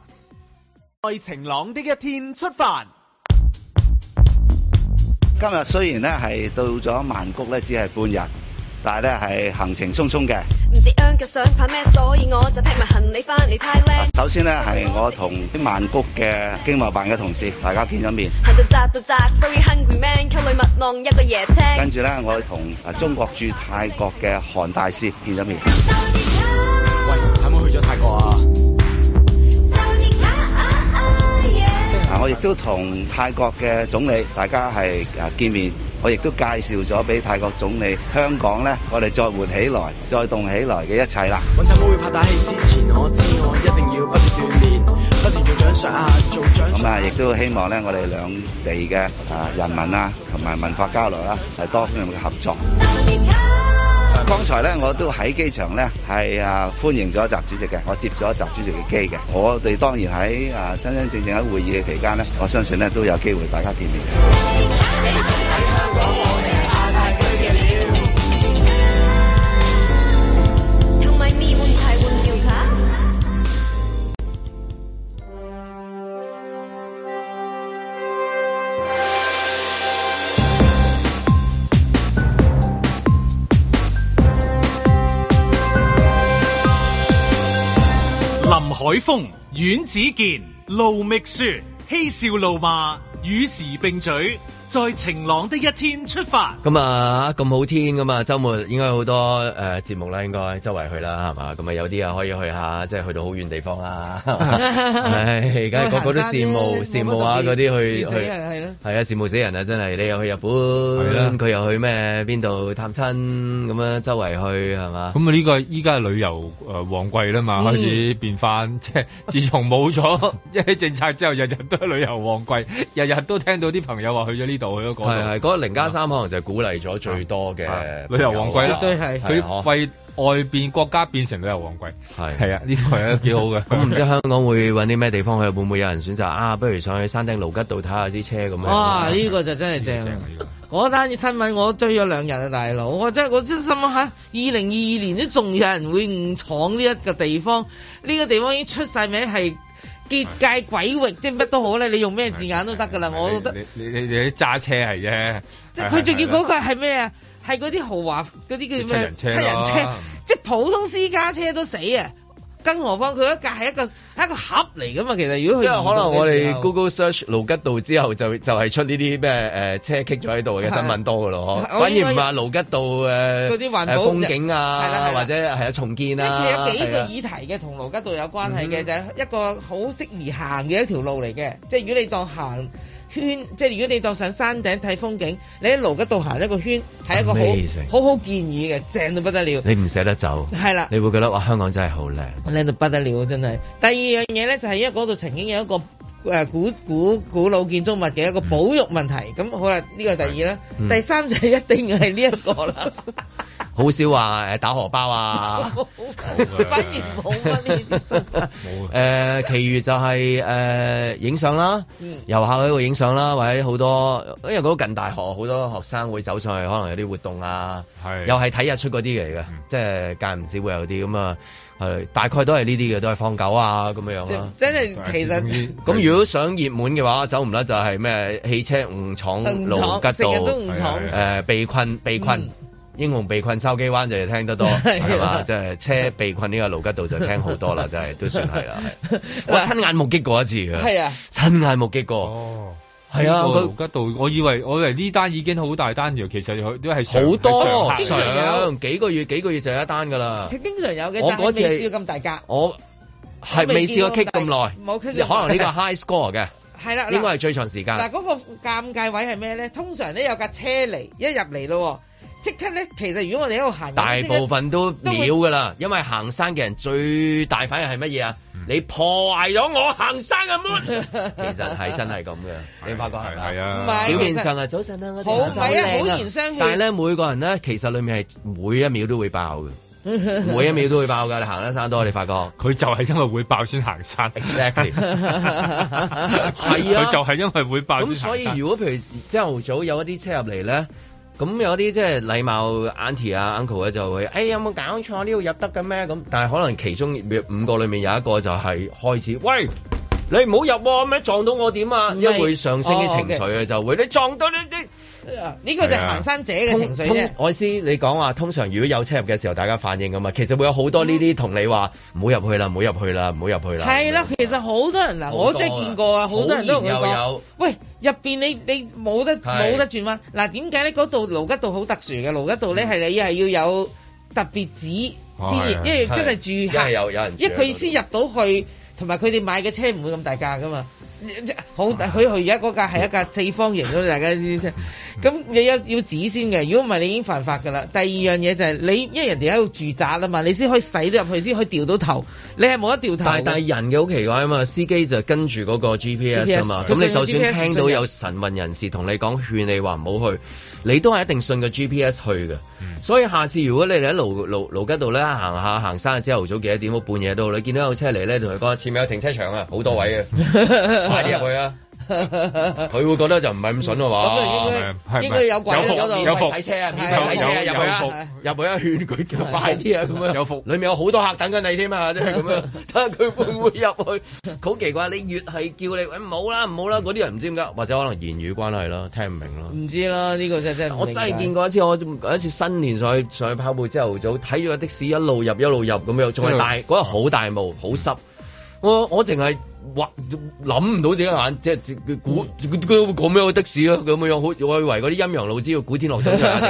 C: 在晴朗的一天出發。
E: 今日雖然咧係到咗曼谷咧，只係半日。但係咧係行程匆匆嘅。
C: 唔知啱嘅想拍
E: 咩，所以我就劈埋行李返嚟拍。首先咧係我同啲曼谷嘅經貿辦嘅同事大家見咗面。跟住咧我同中國駐泰國嘅韓大使見咗面。
D: 喂，係
E: 冇去咗泰國啊？我亦都同泰國嘅總理大家係誒見面。我亦都介紹咗俾泰國總理，香港咧，我哋再活起來，再動起來嘅一切啦。本
B: 陣我會拍大戲，之前我知我一定要不斷練，不斷做掌上壓、做掌上
E: 壓。咁啊，亦都希望咧，我哋兩地嘅啊人民啊，同埋文化交流啦，係多方面嘅合作。剛才咧，我都喺機場咧，係啊歡迎咗習主席嘅，我接咗習主席嘅機嘅。我哋當然喺啊真真正正喺會議嘅期間咧，我相信咧都有機會大家見面嘅。
A: 海風，阮子健，盧覓雪，嬉笑怒罵，與時並舉。在晴朗的一天出發。
B: 咁啊，咁好天㗎嘛，週末應該好多誒、呃、節目啦，應該周圍去啦，係嘛？咁啊，有啲啊可以去一下，即、就、係、是、去到好遠地方啊！係、 哎，梗係個，個個都羨慕羨慕啊，嗰啲去去係啊，羨慕、啊、死人啊！真係，你又去日本，佢、啊、又去咩邊度探親咁樣，周圍去係嘛？咁啊，呢個依家旅遊
A: 旺季啦嘛，開始變返、嗯、即係自從冇咗一啲政策之後，日日都旅遊旺季，日日都聽到啲朋友話去咗呢。度係係嗰個零加三可能就係鼓勵咗最多嘅旅遊旺季啦，都係佢為外邊國家變成旅遊旺
C: 季
B: 係係啊呢個係都幾好嘅。咁 唔知香港會揾啲咩地方？佢會唔會有人選擇 啊？不如上去山頂盧吉道睇下啲車咁樣。哇！呢、啊
C: 這個就真係正。嗰單新聞我都追咗兩日啊，大佬！我真係我真心下，二零二二年都仲有人會誤闖呢一個地方，呢、這個地方已經出晒名係。結界鬼域，是即係乜都好啦，你用咩字眼都得噶啦，我覺得。
A: 你你你揸車係啫。即係佢仲要嗰個
C: 係咩啊？係嗰啲豪華嗰啲叫咩？七人車。七人車。 即係普通私家車都死啊！更何況佢一格係一個係一個盒嚟噶嘛，其實如果佢即係可能我哋
B: Google Search 盧吉道之後，就就係出呢啲咩誒車棘咗喺度嘅新聞多噶咯，反而唔係盧吉道誒嗰啲環境風景啊，或者係啊重建啊。其實有幾個議
C: 題嘅同盧吉道有關係嘅，就係一個好適宜行嘅一條路嚟嘅，即係如果你當行。圈即係如果你當上山頂睇風景，你喺盧吉道行一個圈，係一個好好好建議嘅，正到不得了。
B: 你唔捨得走，係啦，你會覺得哇，香港
C: 真係好靚，靚到不得了，真係。第二樣嘢咧就係、是、因為嗰度曾經有一個誒、呃、古古古老建築物嘅一個保育問題，咁、嗯、好啦，呢、這個係第二啦、嗯。第三就係一定係呢一個啦。嗯
B: 好少話、啊、打荷包啊， 反而冇啊呢啲。冇誒，其餘就係誒影相啦，嗯、遊客喺度影相啦，或者好多，因為嗰度近大學，好多學生會走上去，可能有啲活動啊，又係睇日出嗰啲嚟嘅，嗯、即係間唔時會有啲咁啊。大概都係呢啲嘅，都係放狗啊咁樣樣。
C: 即係其實
B: 咁，如果想熱門嘅話，走唔甩就係咩汽車誤闖盧吉道誒被困被困。英雄被困筲箕灣就聽得多係嘛，即係、就是、車被困呢個盧吉道就聽好多啦， 真係都算係啦。我親眼目擊過一次嘅，係 啊，親
A: 眼目擊過。哦，係啊，盧吉道，我以為我以為呢單已經好大單嘅，其實佢
B: 都係好多，哦、常有，幾個月幾個月就有一單噶啦。佢
C: 經常有嘅，我嗰次咁大格，
B: 我係未試過 keep 咁耐，冇 keep 可能呢個 high score 嘅，
C: 係 啦，應該
B: 係最長時間。嗱，嗰、
C: 那個尷尬位係咩咧？通常咧有架車嚟，一入嚟咯。即刻咧，其實如果我哋喺度行，大部
B: 分都了噶啦。因為，因為行山嘅人最大反應係乜嘢啊？嗯、你破壞咗我行山嘅夢，其實係真係咁嘅。你發覺係咪啊？唔係表面上啊，早晨啦，我哋好靚，好言相勵。但係咧，每個人咧，其實裏面係每一秒都會爆嘅，
D: 每一
B: 秒都會爆噶。你行得山多，你發覺佢就係因為會爆先行山。Exactly，
D: 係啊，佢就係
B: 因為會爆先行山、 啊。咁所以如果譬如朝頭早有一啲車入嚟咧。咁有啲即係禮貌 auntie 啊 uncle 咧就會哎，有冇搞錯，呢個入得嘅咩？咁但係可能其中五個裏面有一個就係開始，喂，你唔好入咩，啊？撞到我
C: 點啊？因為會上升啲情緒啊，哦 okay，
B: 就會你撞到
C: 呢啲。呢、這個就行山者嘅情緒啫，
B: 我意思你講話、啊，通常如果有車入嘅時候，大家反應噶嘛。其實會有好多呢啲同你話唔好入去啦，唔好入去啦，唔好入去啦。係
C: 啦，其實好多人嗱，我真係見過啊，好多人都有講。喂，入邊你你冇得冇得轉嗎？嗱、啊，點解咧？嗰度盧吉道好特殊嘅，盧吉道咧係你係要有特別紙，先，因為真係注意。有人。因為佢意思入到去，同埋佢哋買嘅車唔會咁大價噶嘛。好，佢佢而家嗰格係一架四方形咯，大家知唔知先？咁你有要指先嘅，如果唔係你已經犯法噶啦。第二樣嘢就係你，因為人哋喺度住宅啊嘛，你先可以使到入去，先可以掉到頭。你係冇得掉頭。但係
B: 人嘅好奇怪啊嘛，司機就跟住嗰個 GPS 啊嘛，咁你就算聽到有神棍人士同你講勸你話唔好去。你都係一定信個 GPS 去嘅、嗯，所以下次如果你哋喺盧盧盧吉道咧行下行山之後，朝頭早幾多點，好半夜到你見到有車嚟咧，同佢講前面有停車場啊，好多位嘅， 快啲入去啊！佢 會覺得就唔係咁順啊嘛，應該有鬼有到洗車啊，入去入去，去一圈佢叫他快啲啊，有鬼，裏面有好多客等緊你添啊，即係咁樣，睇下佢會唔會入去，好奇怪，你越係叫你，誒、哎、好啦唔好啦，嗰、嗯、啲人唔知點解，或者可能言語關係啦，聽唔明啦，
C: 唔知啦，呢、這個真真，我真係見
B: 過一次，我一次新年上去上去跑步朝頭早，睇住個的士一路入一路入咁樣，仲係大嗰日好大霧，好濕。我我淨係畫諗唔到自己眼，即係估佢會講咩個的士咯？佢咁樣樣，好我以為嗰啲陰陽路知要古天樂走出嚟，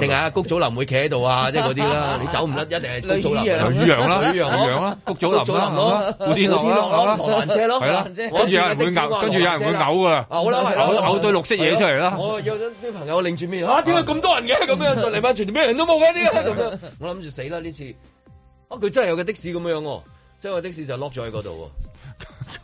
B: 定係、 啊、谷祖林會企喺度啊？即係嗰啲啦，你走唔甩，一定係谷祖林、呂宇陽啦、呂宇陽、藍，宇陽啦、谷祖林啦、古天、古天樂咯、行車、啊、跟住有人會嘔，跟住有人會嘔噶、 啊、啦，嘔啦，嘔對綠色嘢出嚟啦。我有啲朋友擰住面，吓，點解咁多人嘅？咁樣再嚟翻，全咩人都冇嘅呢？咁樣，我諗住死啦呢次。啊，佢真係有架的士咁樣即係我的士就 lock 咗喺嗰度，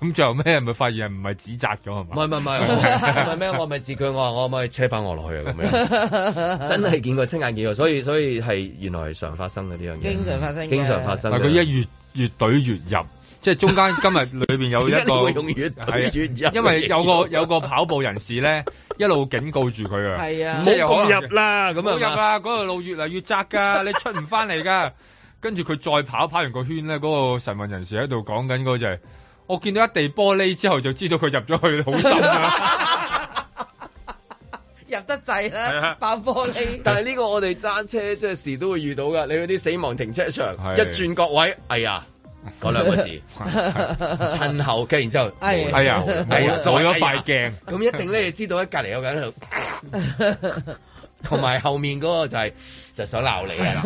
A: 咁 最後尾係咪發現係唔係指摘
B: 咗係嘛？唔係唔係唔係咩？我咪自佢我話我咪車翻我落去啊！咁
D: 樣 真係
B: 見過親眼見過，所以所以係原來係常發生嘅呢樣
D: 嘢，經常發生，經常發
B: 生。嗱佢一
A: 越越隊越入， 即係中間今日裏邊有一個 用越隊越入、啊，因為有個有個跑步人士咧一路警告住佢 啊，係、就、啊、是，唔好入啦，咁啊，入啦，嗰條路越嚟越窄噶，你出唔翻嚟噶。 跟住佢再跑一跑完、個圈咧，嗰個實問人士喺度講緊嗰隻，我見到一地玻璃之後，就知道佢入咗去
B: 好深、啊、
C: 入得滯啦、啊，爆玻璃。但
B: 係呢個我哋揸車即係時都會遇到㗎，你嗰啲死亡停車場、啊，一轉角位，哎呀，
E: 嗰兩個字，啊啊、
B: 噴喉嘅，然之後，哎呀，啊，啊，撞咗塊鏡。咁一定咧，你知道喺隔離有人喺度，同埋後面嗰個就係就想鬧你啊！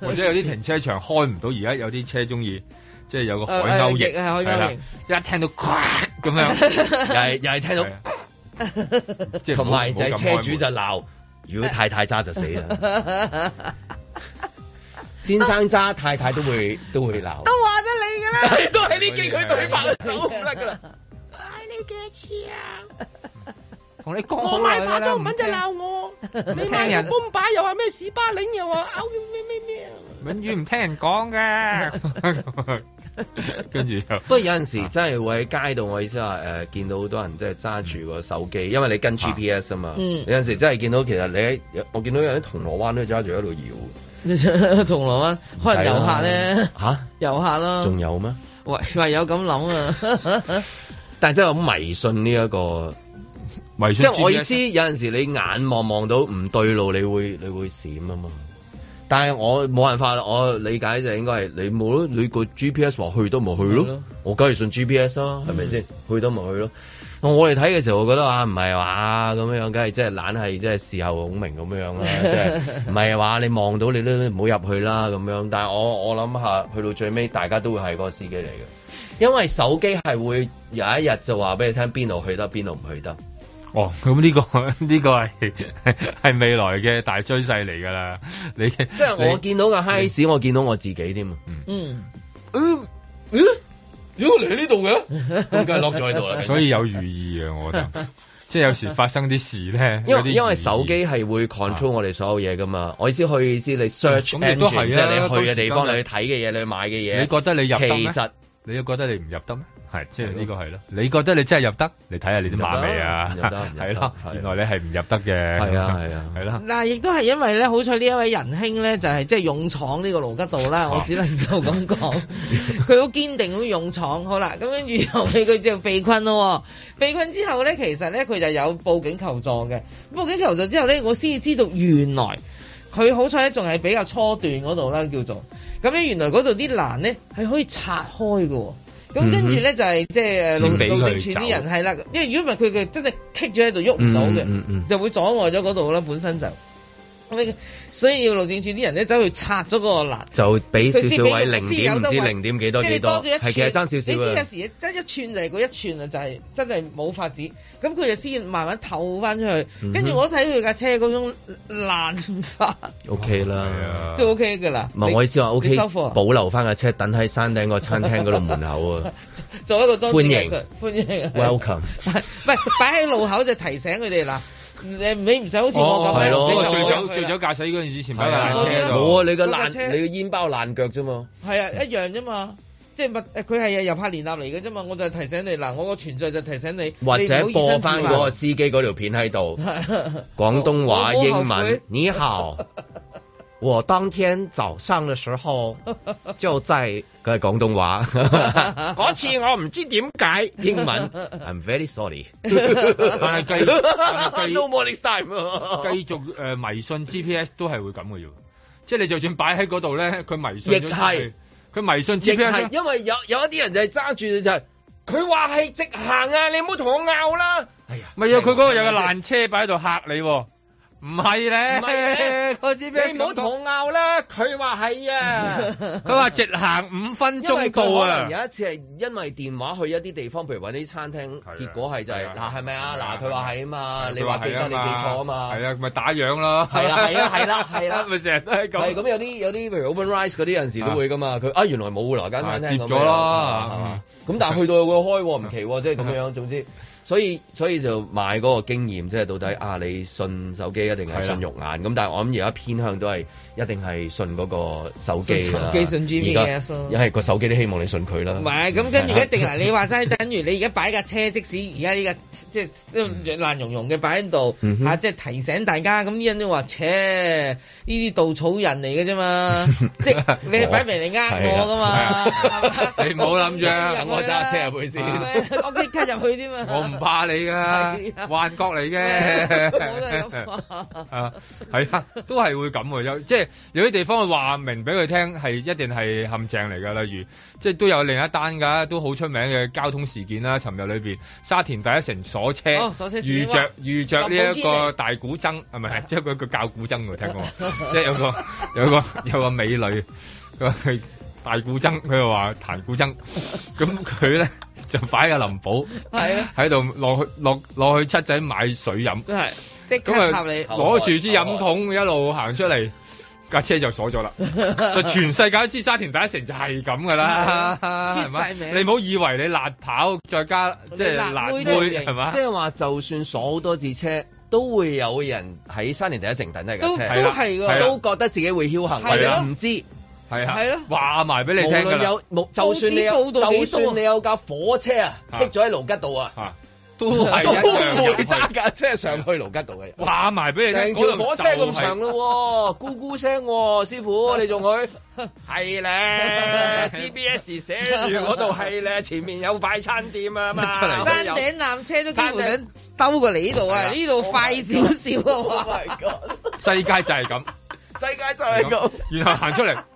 A: 或者有啲停車場開唔到，而家有啲車中意，即係有個海鷗翼，係、啊、啦、啊，
B: 一聽到咁
A: 樣， 又係又係聽到，
B: 即係同埋就係車主就鬧， 如果太太揸就死啦、啊，先生揸太太都會都會鬧，都話
D: 咗你㗎啦，都係呢 幾句對白走唔甩㗎啦，你嘅車。
C: 你我買化妝品就鬧我、啊，你買人崩擺又話咩屎巴領又，又話拗咩咩
B: 咩。永遠唔聽人講嘅，跟住。不過有陣時真係會喺街度，我意思話誒，見到好多人即係揸住個手機，因為你跟 GPS 啊嘛。啊啊嗯、有陣時真係見到其實你喺，我見到有啲銅鑼灣都揸住喺度搖。 銅鑼灣、啊、可能遊客咧嚇、啊、
C: 遊客咯，仲有咩？喂，有咁諗啊！
B: 但真係好迷信呢、這、一個。是即係我意思，有陣時你眼望望到唔對路，你會你會閃啊嘛。但係我冇辦法，我理解就應該係你冇咯。你個 GPS 話、嗯、去都唔去咯，我梗係信 GPS 咯，係咪先？去都唔去咯。我哋睇嘅時候，我覺得啊，唔係話咁樣，梗係即係懶係即係事後孔明咁樣啦，即係唔係話你望到你都唔好入去啦咁樣。但係我我諗下，去到最尾，大家都會係個司機嚟嘅，因為手機係會有一日就話俾你聽邊度去得，邊度唔去得。
A: 哦，咁呢個呢個係係未來嘅大趨勢嚟㗎啦！你即係我見到個嗨史，我見到我自己添。嗯嗯嗯，
C: 如果嚟喺呢度嘅，點解落咗喺度啦？所
A: 以有寓
B: 意啊！我覺得， 即係有時發生啲事咧。因為因為手機係會 control 我哋所有嘢㗎嘛。我意思去意思你 search，咁都係啊！即係你去嘅地方，你去睇嘅嘢，你去買嘅嘢。你覺得你入得咩？其實
A: 你覺得你唔入得咩？係，即係
B: 呢個係咯。你覺得你真係入得？
A: 你睇下你啲馬尾啊，入得係咯。原來你係唔入得嘅。係啊，係啊，係啦。
C: 嗱，亦都係因為咧，好彩呢一位仁兄咧，就係即係勇闖呢個盧吉道啦，啊。我只能夠咁講，佢 好堅定咁勇闖。好啦，咁跟住後佢佢就被困咯。 被困之後咧，其實咧佢就有報警求助嘅。報警求助之後咧，我先至知道原來佢好彩咧仲係比較初段嗰度啦，叫做咁咧。原來嗰度啲欄咧係可以拆開㗎喎。
D: 咁跟住咧、嗯、
C: 就係即係誒，路路政處啲人係啦，因為如果唔係，佢佢真係棘咗喺度喐唔到嘅，就會阻礙咗嗰度啦，本身就。所以要路政處啲人咧走去拆咗個欄，
B: 就俾少少位零點，唔知零點幾多幾多，係、就是、其實爭少少有時一寸就係、是、
C: 一寸啊、就是，就係真係冇法子。咁佢就先慢慢透翻出去。跟住我睇佢架車嗰種爛法
B: ，OK 啦，都
C: OK 噶啦。唔係我意思話 OK，保
B: 留翻架車，等喺山頂個餐廳嗰度門口
C: 啊。 做一個裝置。歡迎，歡迎，Welcome。唔係擺喺路口就提醒佢哋啦。你你唔使好似我
A: 咁樣，哦、你最早最早駕駛嗰陣之前係爛車,、啊、車，冇啊，你個爛你個煙包爛腳啫嘛，
C: 係啊一樣啫嘛，即係咪？佢係啊又拍連搭嚟嘅啫嘛，我就係提醒你嗱，我個存在就提醒你，或者播翻嗰個
B: 司機嗰條片喺度， 廣東話英文你好。 我當天早上嘅時候，就再講廣東話 。
A: 嗰 次我唔知點解英文
B: ，I'm very sorry 但。但係繼、no、 續誒、呃、迷信 GPS 都
A: 係會咁嘅要，即、就、係、是、你就算擺喺嗰度咧，佢迷信係，佢迷信 GPS。因
B: 為有有一啲人就係揸住就係、是，佢話係直行啊，你唔好同我拗啦。係、哎
A: 哎、啊，係啊，佢嗰個有個爛車擺喺度吓你，唔係咧。你唔好同拗啦，佢話係啊，佢話直行五分鐘到啊。 有一
B: 次係因為電話去一啲地方，譬如搵啲餐廳， 結果係就係、是、嗱，係咪啊？嗱、啊，佢話係啊嘛，你話記得你記錯啊嘛，係 啊，咪打烊囉。係啊，係啊，係、啊、啦，係啦，咪成日都係咁。係咁有啲有啲譬如 OpenRice 嗰啲有時都會噶嘛，佢啊原來冇噶啦間餐廳，接咗啦，咁但係去到又會開，唔奇即係咁樣總之。所以所以就買嗰個經驗，即係到底啊，你信手機一定係信肉眼咁，但係我諗而家偏向都係一定係信嗰個手機啦。而家又係個手機都希望你信佢啦。唔係咁跟住一定嗱，啊、你
C: 話齋 等於你而家擺架車，即使而家呢個即係、就是、爛融融嘅擺喺度即係提醒大家，咁啲人都話，車，呢啲稻草人嚟嘅啫嘛， 即係你擺明嚟呃我㗎嘛。是啊是啊是啊啊、你唔好諗住，等我揸車入去先，我即刻入去添嘛。啊.怕
A: 你噶幻覺嚟嘅，係啊， 力 啊，啊，都係會咁，即有即係有啲地方話明俾佢聽係一定係陷阱嚟噶，例如即係都有另一單噶，都好出名嘅交通事件啦。尋日裏邊沙田第一城鎖車，哦、鎖車遇着遇着呢一個大古箏，係咪？即係佢個教古箏 聽過即係有個有個有個美女佢。 大古箏，佢又話彈古箏，咁佢咧就擺個林寶，係 啊，喺度落去落落去七仔買水飲，
D: 咁啊攞住支飲
A: 筒一路行出嚟，架 車就鎖咗啦。
D: 就全
A: 世界都知沙田第一城就係咁噶啦， 是不是 你唔好以為你辣跑，再
B: 加
D: 即係 是辣背，係
A: 嘛？即係
B: 話就算鎖好多次車，都會有人喺沙田第一城等呢架車，都係噶，都覺得自己會僥幸，唔、啊啊啊啊啊啊、知。係啊，話埋俾你聽有，就就算你有，就算你有架火車啊，泊咗喺盧吉道啊，都係長嘅揸架即上去盧、啊就是、吉道嘅人。話埋俾你聽，火車咁長咯、就是，咕咕聲、啊，師傅 你仲去？係咧，G B S 寫住嗰度係咧，前面有快餐店啊嘛。出啊山頂
C: 纜車都幾乎想兜過嚟呢度啊，呢度快少少啊！Oh God, oh、
A: 世界就係咁，
C: 世界就係咁，
A: 然後行出嚟。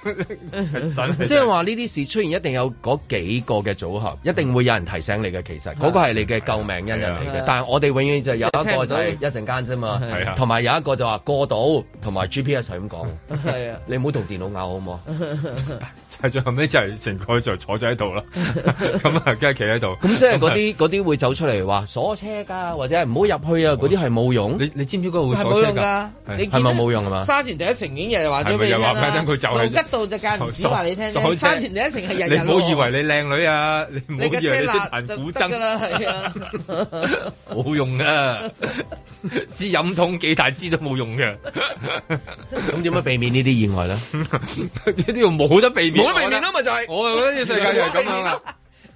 B: 即係話呢啲事出現一定有嗰幾個嘅組合、嗯，一定會有人提醒你嘅。其實嗰、嗯，那個係你嘅救命恩人嚟嘅。但係我哋永遠就有一個就係一陣間啫嘛。同埋有，有一個就話過到，同埋 G P S 咁講。你唔好同電腦拗好唔好？就係 最後尾就係成個就坐咗喺度啦。咁 啊， 梗係企喺度。
A: 咁即係
D: 嗰啲
B: 嗰啲會走出嚟話鎖
C: 車噶，或者
B: 唔好入去啊。嗰啲係冇用你。你知唔知嗰個會
C: 鎖車噶？你係咪冇用係嘛？沙田、啊、第一城年日就話話佢就係到就介唔止話你聽，沙田第一城係人，你唔好以為
A: 你靚女啊，你唔好以為你識彈古箏啦，係 啊是的，冇 用啊的，知 飲痛幾大支都冇用嘅。咁 點 樣避免呢啲意外咧？呢啲
B: 冇得避免，冇得避免咯，嘛，就係。我覺得呢、就是、世界就係咁啦，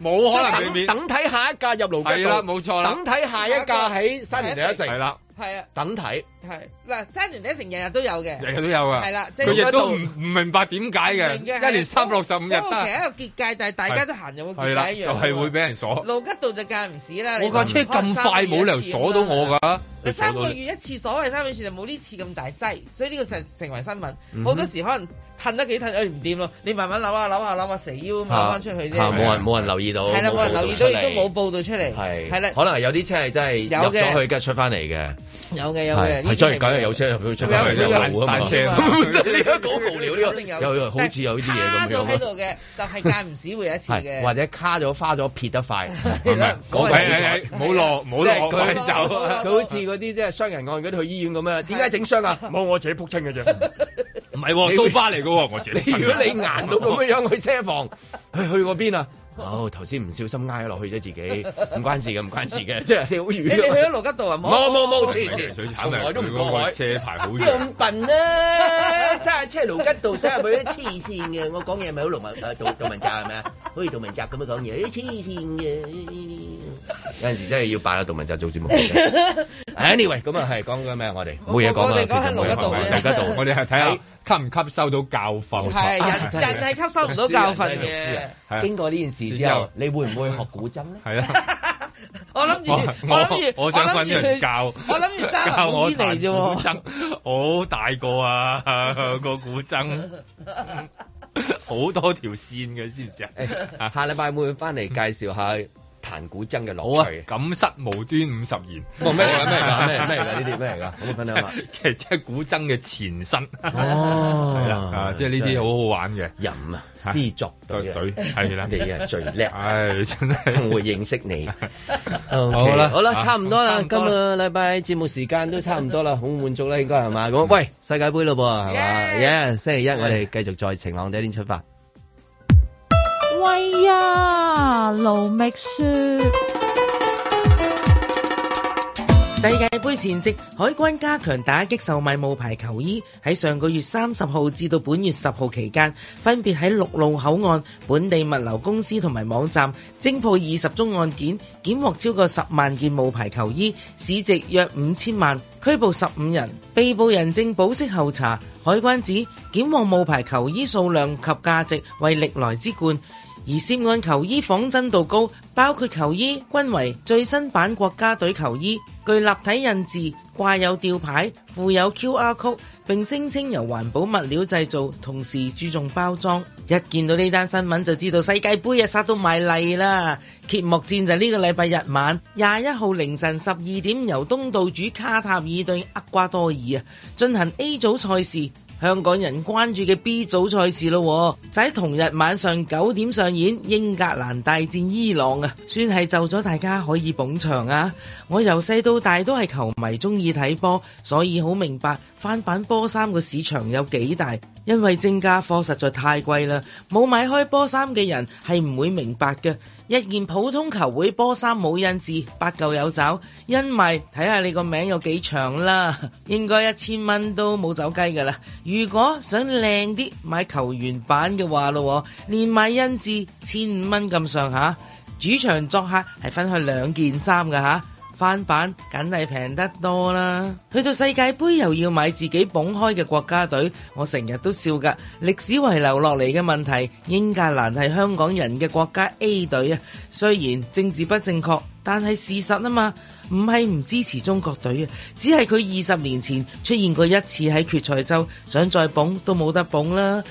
B: 冇 可能避免。等睇下一架入盧吉道，冇錯啦。等睇下一架喺沙田第一城，係啦。係啊，等睇，
C: 係嗱、啊，揸年仔成日日都有嘅，日日都有啊。係、就、啦、是，佢亦都
A: 唔明白點解嘅，一、啊、年三六十五日都，都都都其實一
C: 個結界，啊、但係大家都行入個、啊、就係、是、會俾人鎖。盧吉道就戒唔屎啦，我架車咁、嗯、快冇理由鎖到我噶、啊。
A: 你，你三個月
C: 一次鎖三個月次，佢三米處就冇呢次咁大劑，所以呢個成成為新聞。好、嗯、多時可能褪得幾褪，誒唔掂咯，你慢慢扭下扭下扭下，死腰攞翻出去啫。冇、啊啊、人
B: 冇人留意到，係啦，冇人留意到，亦都
C: 冇報道出嚟，係，係啦，可
B: 能有啲車係真係入咗去跟出翻嚟嘅。
C: 有嘅有嘅，係真係
B: 梗係有車入去出嚟，大車真係好無聊呢個，
C: 有， 但是 麼麼 有
B: 好似有呢啲嘢咁樣。卡咗喺度
C: 嘅， 就係間唔時會有一次嘅，或者
B: 卡咗花咗撇得快，唔係冇落冇落，佢 走，佢、就是、 好似嗰啲即係傷人案嗰啲 去醫院咁樣，點解整傷啊？冇，我自己撲清嘅啫，唔係刀疤嚟嘅喎，我自己。如果你硬到咁樣去車房，去過邊啊？哦，頭先唔小心挨落去啫，自己唔關事嘅，唔關事嘅，即係好遠。你去咗盧吉道啊？冇冇冇，事事都唔車牌好，邊咁笨啊？揸車盧吉道，成日咪啲黐線嘅。我講嘢咪好龍民誒，杜杜文澤係咪啊？好似杜文澤咁樣講嘢，黐線嘅。有陣時真係要擺下杜文澤做節目。 Anyway，咁啊係講緊咩？我哋
D: 冇嘢講啦，盧
A: 吉道，吉啊、我
B: 哋係睇下。吸唔吸收到教訓？係人係、啊、吸
C: 收唔到教訓嘅。經過呢件事之後，之
B: 後你會唔會學古箏咧？係
D: 啦， 我諗住，我想瞓完覺，我諗住揸住我，我，教我彈古，我我
A: 古， 古好大個啊個、 啊、古箏，好多條線嘅，知唔知啊、哎？下禮拜會翻嚟介紹下。彈古箏嘅佬啊，錦瑟無端五十弦，咩嚟噶？咩嚟噶？咩嚟噶？呢啲咩嚟噶？我哋分享下，其實係古箏嘅前身。哦，啊，即係呢啲好好玩嘅
B: 人啊，詩作對對，係啦，你係最叻，唉、哎，真係。我認識你。Okay, 好啦，好啦、啊，差唔
D: 多啦，今日
B: 禮拜節目時間都差唔多啦，好滿足啦，應該係嘛？咁喂，世界杯了咯噃，係嘛耶！Yeah, 星期一我哋繼續在晴朗第一天出
C: 發。
G: 哎、呀，盧覓
C: 雪！世界杯前夕，海關加強打擊售賣冒牌球衣。喺上個月三十號至到本月十號期間，分別喺陸路口岸、本地物流公司同埋網站偵破二十宗案件，檢獲超過十萬件冒牌球衣，市值約五千萬，拘捕十五人，被捕人證保釋候查。海關指檢獲冒牌球衣數量及價值為歷來之冠。而涉案球衣仿真度高，包括球衣均為最新版國家隊球衣，具立體印字、掛有吊牌、附有 QR code，並聲稱由環保物料製造，同時注重包裝。一見到呢單新聞就知道世界盃啊殺到埋嚟啦！揭幕戰就係呢個禮拜日晚廿一號凌晨十二點，由東道主卡塔爾對厄瓜多爾啊進行 A 組賽事。香港人關注嘅 B 組賽事咯，就喺同日晚上九點上演英格蘭大戰伊朗啊，算係就咗大家可以捧場啊！我由細到大都係球迷，鍾意睇波，所以好明白翻版波衫嘅市場有幾大，因為正價貨實在太貴喇。冇買開波衫嘅人係唔會明白嘅。一件普通球會波衫冇印字，八嚿有走，因咪睇下你個名字有幾長啦，應該一千蚊都冇走雞噶啦。如果想靚啲，買球員版嘅話，咯，連埋印字千五蚊咁上下。主場作客係分開兩件衫噶吓。翻版梗係平得多啦，去到世界盃又要買自己捧開嘅國家隊，我成日都笑噶。歷史遺留落嚟嘅問題，英格蘭係香港人嘅國家 A 隊啊，雖然政治不正確，但係事實啊嘛，唔係唔支持中國隊啊，只係佢二十年前出現過一次喺決賽周，想再捧都冇得捧啦。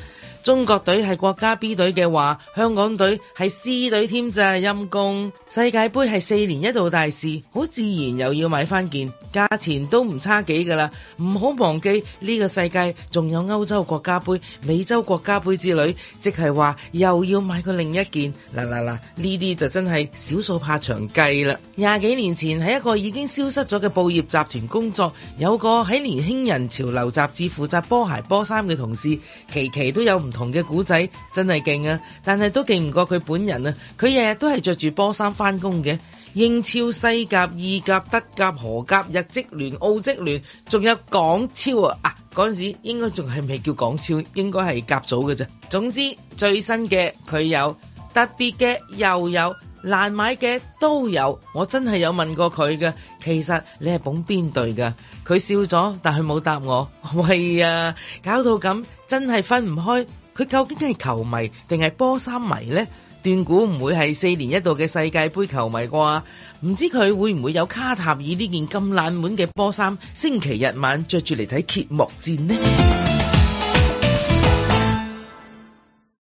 C: 中國隊係國家 B 隊嘅話，香港隊係 C 隊添咋，陰公！世界盃係四年一度大事，好自然又要買翻件，價錢都唔差幾噶啦。唔好忘記，呢個世界仲有歐洲國家杯、美洲國家杯之類，即係話又要買個另一件。嗱嗱嗱，呢啲就真係少數怕長計啦！廿幾年前喺一個已經消失咗嘅報業集團工作，有個喺年輕人潮流雜誌負責波鞋波衫嘅同事，期期都有唔。同嘅古仔真係勁啊！但係都勁唔過佢本人啊！佢日日都係着住波衫翻工嘅。英超、西甲、意甲、德甲、荷甲、日職聯、澳職聯，仲有港超啊！啊，嗰陣時應該仲係未叫港超，應該係甲組嘅啫。總之最新嘅佢有，特別嘅又有，難買嘅都有。我真係有問過佢嘅，其實你係捧邊隊噶佢笑咗，但係冇答我。喂啊，搞到咁真係分唔開。佢究竟係球迷定係波衫迷呢？斷估唔會係四年一度嘅世界杯球迷啩？唔知佢會唔會有卡塔爾呢件咁冷門嘅波衫，星期日晚着
D: 住嚟睇揭幕戰呢？